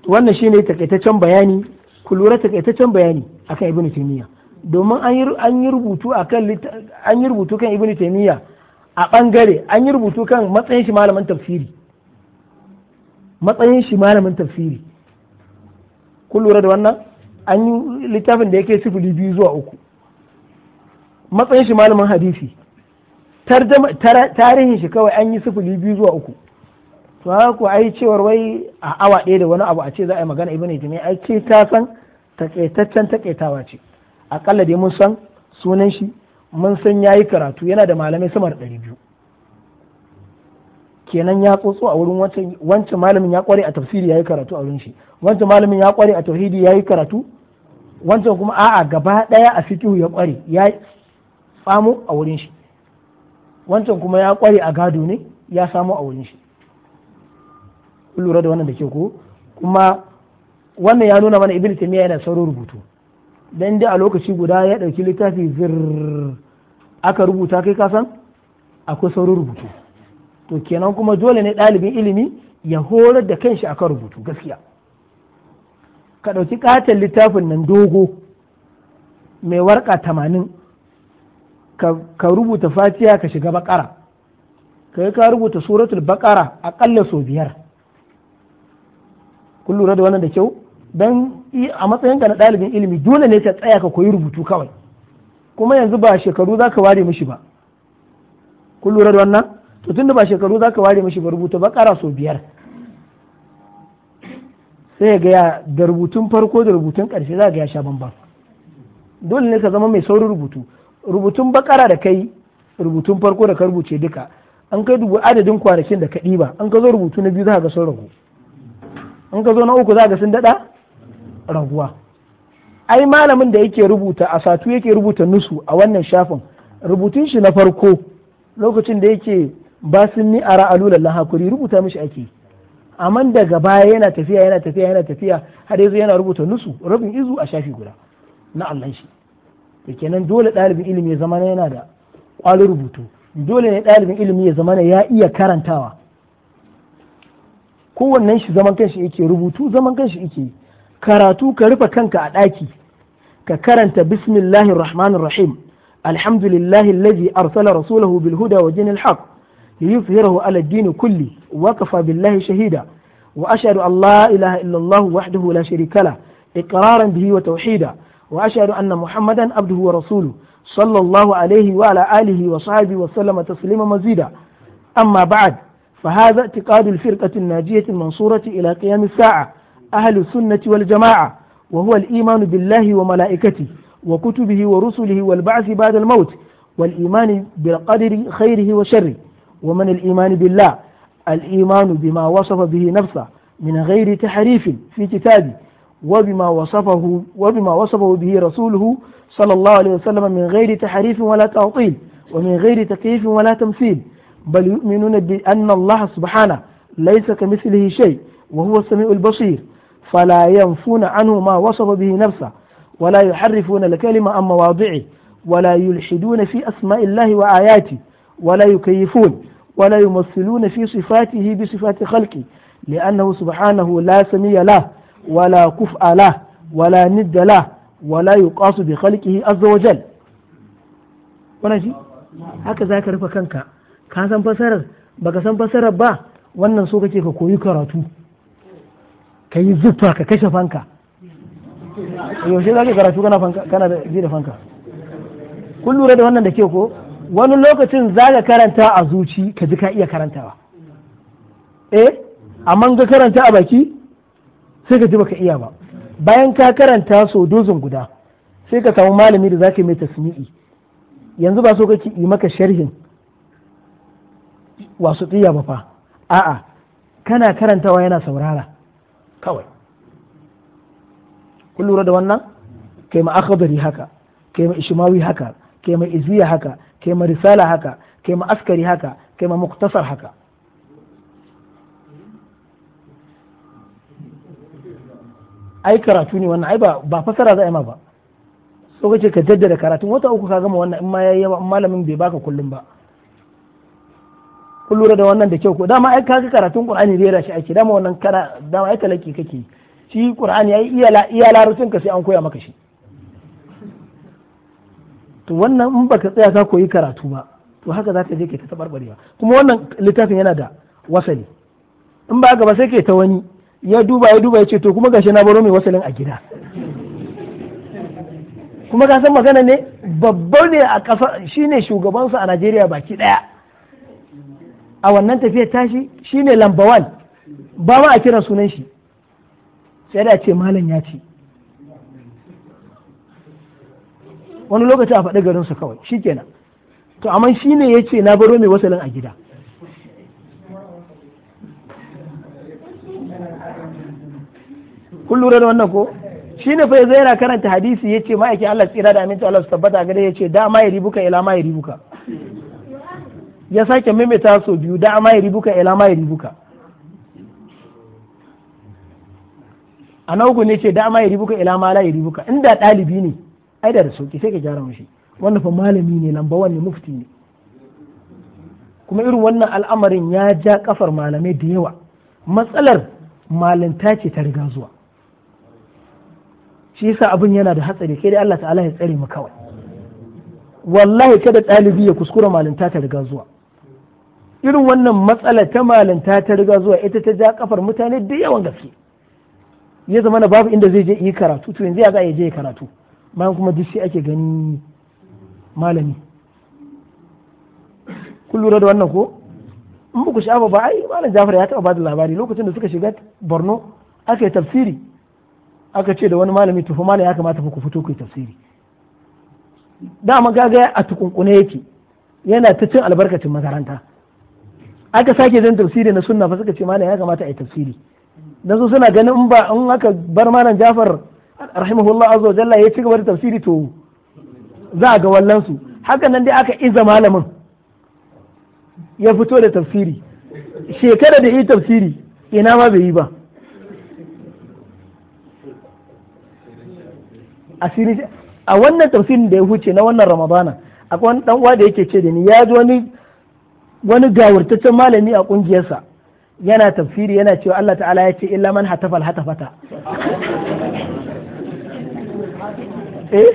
wannan shine takaitaccen bayani ku lura takaitaccen bayani akan Ibn taymiya domin an yi rubutu kan Ibn taymiya a bangare an yi rubutu kan matsayin shi malamin tafsiri matsayin shi malamin tafsiri ku lura da wannan an yi littafin da yake sifili biyu zuwa uku matsayin shi malamin hadisi tarihin shi kawai an yi sifili biyu zuwa uku to haka ai cewar wai a awa ɗaya da wani abu a ce za a yi magana ibn taymiya ai ce ta san takaitaccen takaitawa ce akalla dai mun san sunan shi mun san yayi karatu yana da malamai sama da ɗari biyu kenan ya tsotso a wurin wancan malamin ya kware a tafsiri yayi karatu a wurin shi wancan malamin ya kware a tauhidi yayi karatu wancan kuma a'a gaba daya a fiqh ya kware ya samu a wurin shi wancan kuma ya kware a gado ne ya samu a wurin shi kun lura da wannan da ke ko kuma wannan ya nuna mana ibnu taymiya yana saurin rubutu dan da a lokaci guda ya ɗauki littafi zir aka rubuta kai kasan akwai saurin rubutu to kenan kuma dole ne ɗalibin ilimi ya horar da kanshi akan rubutu gaskiya ka ɗauki katon littafin nan dogo mai warka tamanin ka rubuta fatiya ka shiga bakara ka ka rubuta suratul bakara aƙalla sau biyar kun lura da wannan da kyau dan a matsayinka na ɗalibin ilimi dole ne ka tsaya ka koyi rubutu kawai kuma yanzu ba shekaru za ka ware mishi ba kun lura da wannan to tunda ba shekaru za ka ware mishi ba rubuta ba ƙara so biyar sai ga ya da rubutun farko da rubutun ƙarshe za ga ya sha bamban dole ne ka zama mai saurin rubutu rubutun bakara da kai rubutun farko da ka rubuce duka an kai dubu adadin kwanakin da ka ɗiba an ka zo rubutu na biyu za ka ga sauran in ka zo na uku za ga sun daɗa raguwa ai malamin da yake rubuta a satu yake rubuta nusu a wannan shafin rubutun shi na farko lokacin da yake ba sun ni a alulan lahakuri rubuta mishi ake amma daga baya yana tafiya yana tafiya yana tafiya har yanzu yana rubuta nusu rabin izu a shafi guda na Allah shi da kenan dole ɗalibin ilimi ya zama yana da ƙwalin rubutu dole ne ɗalibin ilimi ya zama ya iya karantawa kowannen shi zaman kanshi yake rubutu zaman kanshi yake karatu ka rufe kanka a ɗaki ka karanta bismillahir rahmanir rahim alhamdulillahi allazi arsala rasulahu bil huda wa dinil haqq liyuzhirahu ala ad kulli wa kafa billahi shahida wa ashhadu an la ilaha illallah wahdahu la sharika la iqraran bihi wa tauhida wa ashhadu anna muhammadan abduhu wa rasuluhu sallallahu alaihi wa ala alihi wa sahbihi wa sallama taslima mazida amma ba'd فهذا اعتقاد الفرقة الناجية المنصورة إلى قيام الساعة أهل السنة والجماعة وهو الإيمان بالله وملائكته وكتبه ورسله والبعث بعد الموت والإيمان بالقدر خيره وشره ومن الإيمان بالله الإيمان بما وصف به نفسه من غير تحريف في كتابه وبما وصفه وبما وصفه به رسوله صلى الله عليه وسلم من غير تحريف ولا تعطيل ومن غير تكييف ولا تمثيل bal yu'minuna bi anna Allah subhanahu laysa kamithlihi shay wa huwa as-sami'ul basir fala yanfuna anhu ma wasafa bihi nafsa ولا يحرفون الكلمة عن مواضعه ولا يلحدون في أسماء الله وآياته ولا يكيفون ولا يمثلون في صفاته بصفات خلقه لأنه سبحانه لا سمي له ولا كفء له ولا ند له ولا يقاس بخلقه عز وجل ونجي هكذا كرفك كنك ka san fasarar baka san fasarar ba wannan so kake ka koyi karatu ka yi zuffa ka kashe fanka yaushe za ka karatu kana kana da ji da fanka kun lura da wannan da ke ko wani lokacin za ka karanta a zuci ka ji ka iya karantawa eh amma ga karanta a baki sai ka ji baka iya ba bayan ka karanta so dozin guda sai ka samu malami da zaka mai tasmi'i yanzu ba so kake yi maka sharhin wasu tsiya ba fa a'a kana karantawa yana saurara kawai kun lura da wannan kai ma akhadari haka kai ma ishmawi haka kai ma iziya haka kai ma risala haka kai ma askari haka kai ma muktasar haka ai karatu ne wannan ai ba ba fasara za a yi ma ba so kace ka jaddada karatun wata uku ka gama wannan in ma yayi malamin bai baka kullum ba kun lura da wannan da kyau ko dama ai kaga karatun qur'ani zai shi ake dama wannan kana dama ai talaki kake shi qur'ani ai iya iya larutun ka sai an koya maka shi to wannan in baka tsaya ka koyi karatu ba to haka zaka je ka ta tabarbarewa kuma wannan littafin yana da wasali in ba gaba sai ke ta wani ya duba ya duba ya ce to kuma gashi na baro mai wasalin a gida kuma ka san magana ne babba ne a ƙasa shine shugabansa a Najeriya baki daya a wannan tafiyar tashi shi ne lambawan ba ma a kira sunan shi sai da ce malam ya ce wani lokaci a faɗi garinsu kawai kenan to amma ne ya ce na baro mai wasalin a gida kullum lura da wannan ko shi ne fa yana karanta hadisi ya ce ma'aikin Allah tsira da aminci Allah su tabbata gare ya ce da ya ribuka ila ma ya ribuka ya sake maimaita so biyu da a ya ribuka ila ya ribuka a na ne ce da a ya ribuka ila ma ya ribuka inda ɗalibi ne ai da sauki sai ka gyara mashi wannan fa malami ne lamba wannan mufti ne kuma irin wannan al'amarin ya ja kafar malamai da yawa matsalar malinta ce ta riga zuwa shi yasa abin yana da hatsari kai dai Allah ta'ala ya tsare mu kawai wallahi kada ɗalibi ya kuskura malinta ta riga zuwa irin wannan matsala ta malanta ta riga zuwa ita ta ja kafar mutane da yawan gaske ya zama na babu inda zai je yi karatu to yanzu ya za a je karatu bayan kuma duk shi ake gani malami kun lura da wannan ko in ba ku ba ai malam Jafar ya taba bada labari lokacin da suka shiga Borno aka yi tafsiri aka ce da wani malami tufa malam ya kamata ku fito ku yi tafsiri dama gagaya a tukunkune yake yana ta cin albarkacin makaranta aka sake zan tafsiri na sunna fa suka ce malam ya kamata a yi tafsiri dan su suna ganin in ba in aka bar malam Jafar rahimahullah azza jalla ya ci gaba da tafsiri to za a ga wallan su hakan nan dai aka iza malamin ya fito da tafsiri shekara da yi tafsiri ina ma bai yi ba asiri a wannan tafsirin da ya huce na wannan ramadana akwai wani dan uwa da yake ce da ni ya ji wani wani gawurtaccen malami a ƙungiyarsa yana tafsiri yana cewa Allah ta'ala ya ce illa man hatafal hatafata eh?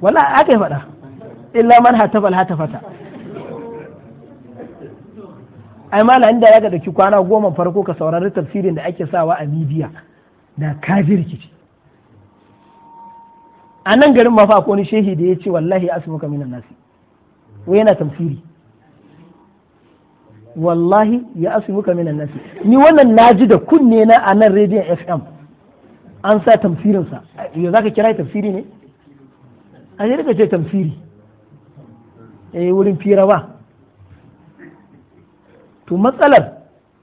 wala aka faɗa illa man hatafal hatafata ai malamin da ya ga daki kwana goma farko ka saurari tafsirin da ake sawa a midiya da kafin rikici a nan garin mafa ko wani shehi da ya ce wallahi asmuka minan nasi wai yana tamfiri wallahi ya muka minan nasi ni wannan naji da kunne na a nan rediyon fm an sa tamfirinsa ya za ka kira tamfiri ne a yi rika ce tamfiri yi eh, wurin firawa to matsalar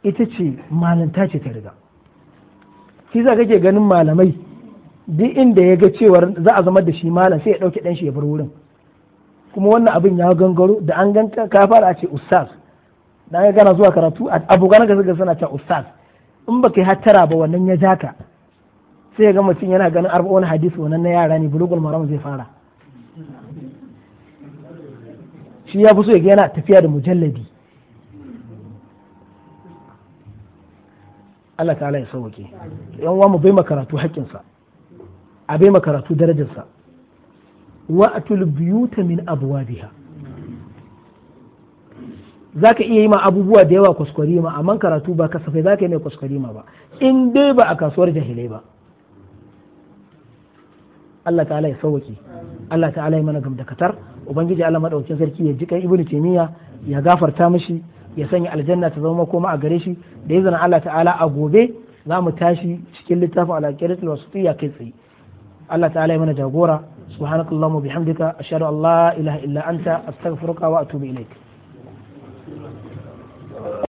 ita ce malanta ce ta riga shi za kake ganin malamai duk inda ya ga cewar za a zama da shi malam sai ya ɗauke ɗan shi ya bar wurin kuma wannan abin ya gangaro da an gan ka fara a ce ustaz da an gana zuwa karatu abokan ka suka suna ce ustaz in baka yi hattara ba wannan ya ja ka sai ga mutum yana ganin wani hadisi wannan na yara ne bulugul maram zai fara shi ya fi so ya yana tafiya da mujalladi Allah ta'ala ya sauke yan uwa mu bai makaratu haƙƙinsa a bai makaratu darajarsa wa'atul ta min abwabiha za ka iya yi ma abubuwa da yawa kwaskwari ma amma karatu ba kasafai za ka yi mai kwaskwari ma ba in dai ba a kasuwar jahilai ba Allah ta'ala ya sauwaki Allah ta'ala ya mana gamdakatar ubangiji Allah madaukakin sarki ya jika ibnu taymiya ya gafarta mishi ya sanya aljanna ta zama koma a gare shi da izan Allah ta'ala a gobe za mu tashi cikin littafin alaqiratul wasitiyya kai tsaye Allah ta'ala ya mana jagora subhanakallahumma bihamdika hamdika an la ilaha illa anta astaghfiruka wa atubu ilaik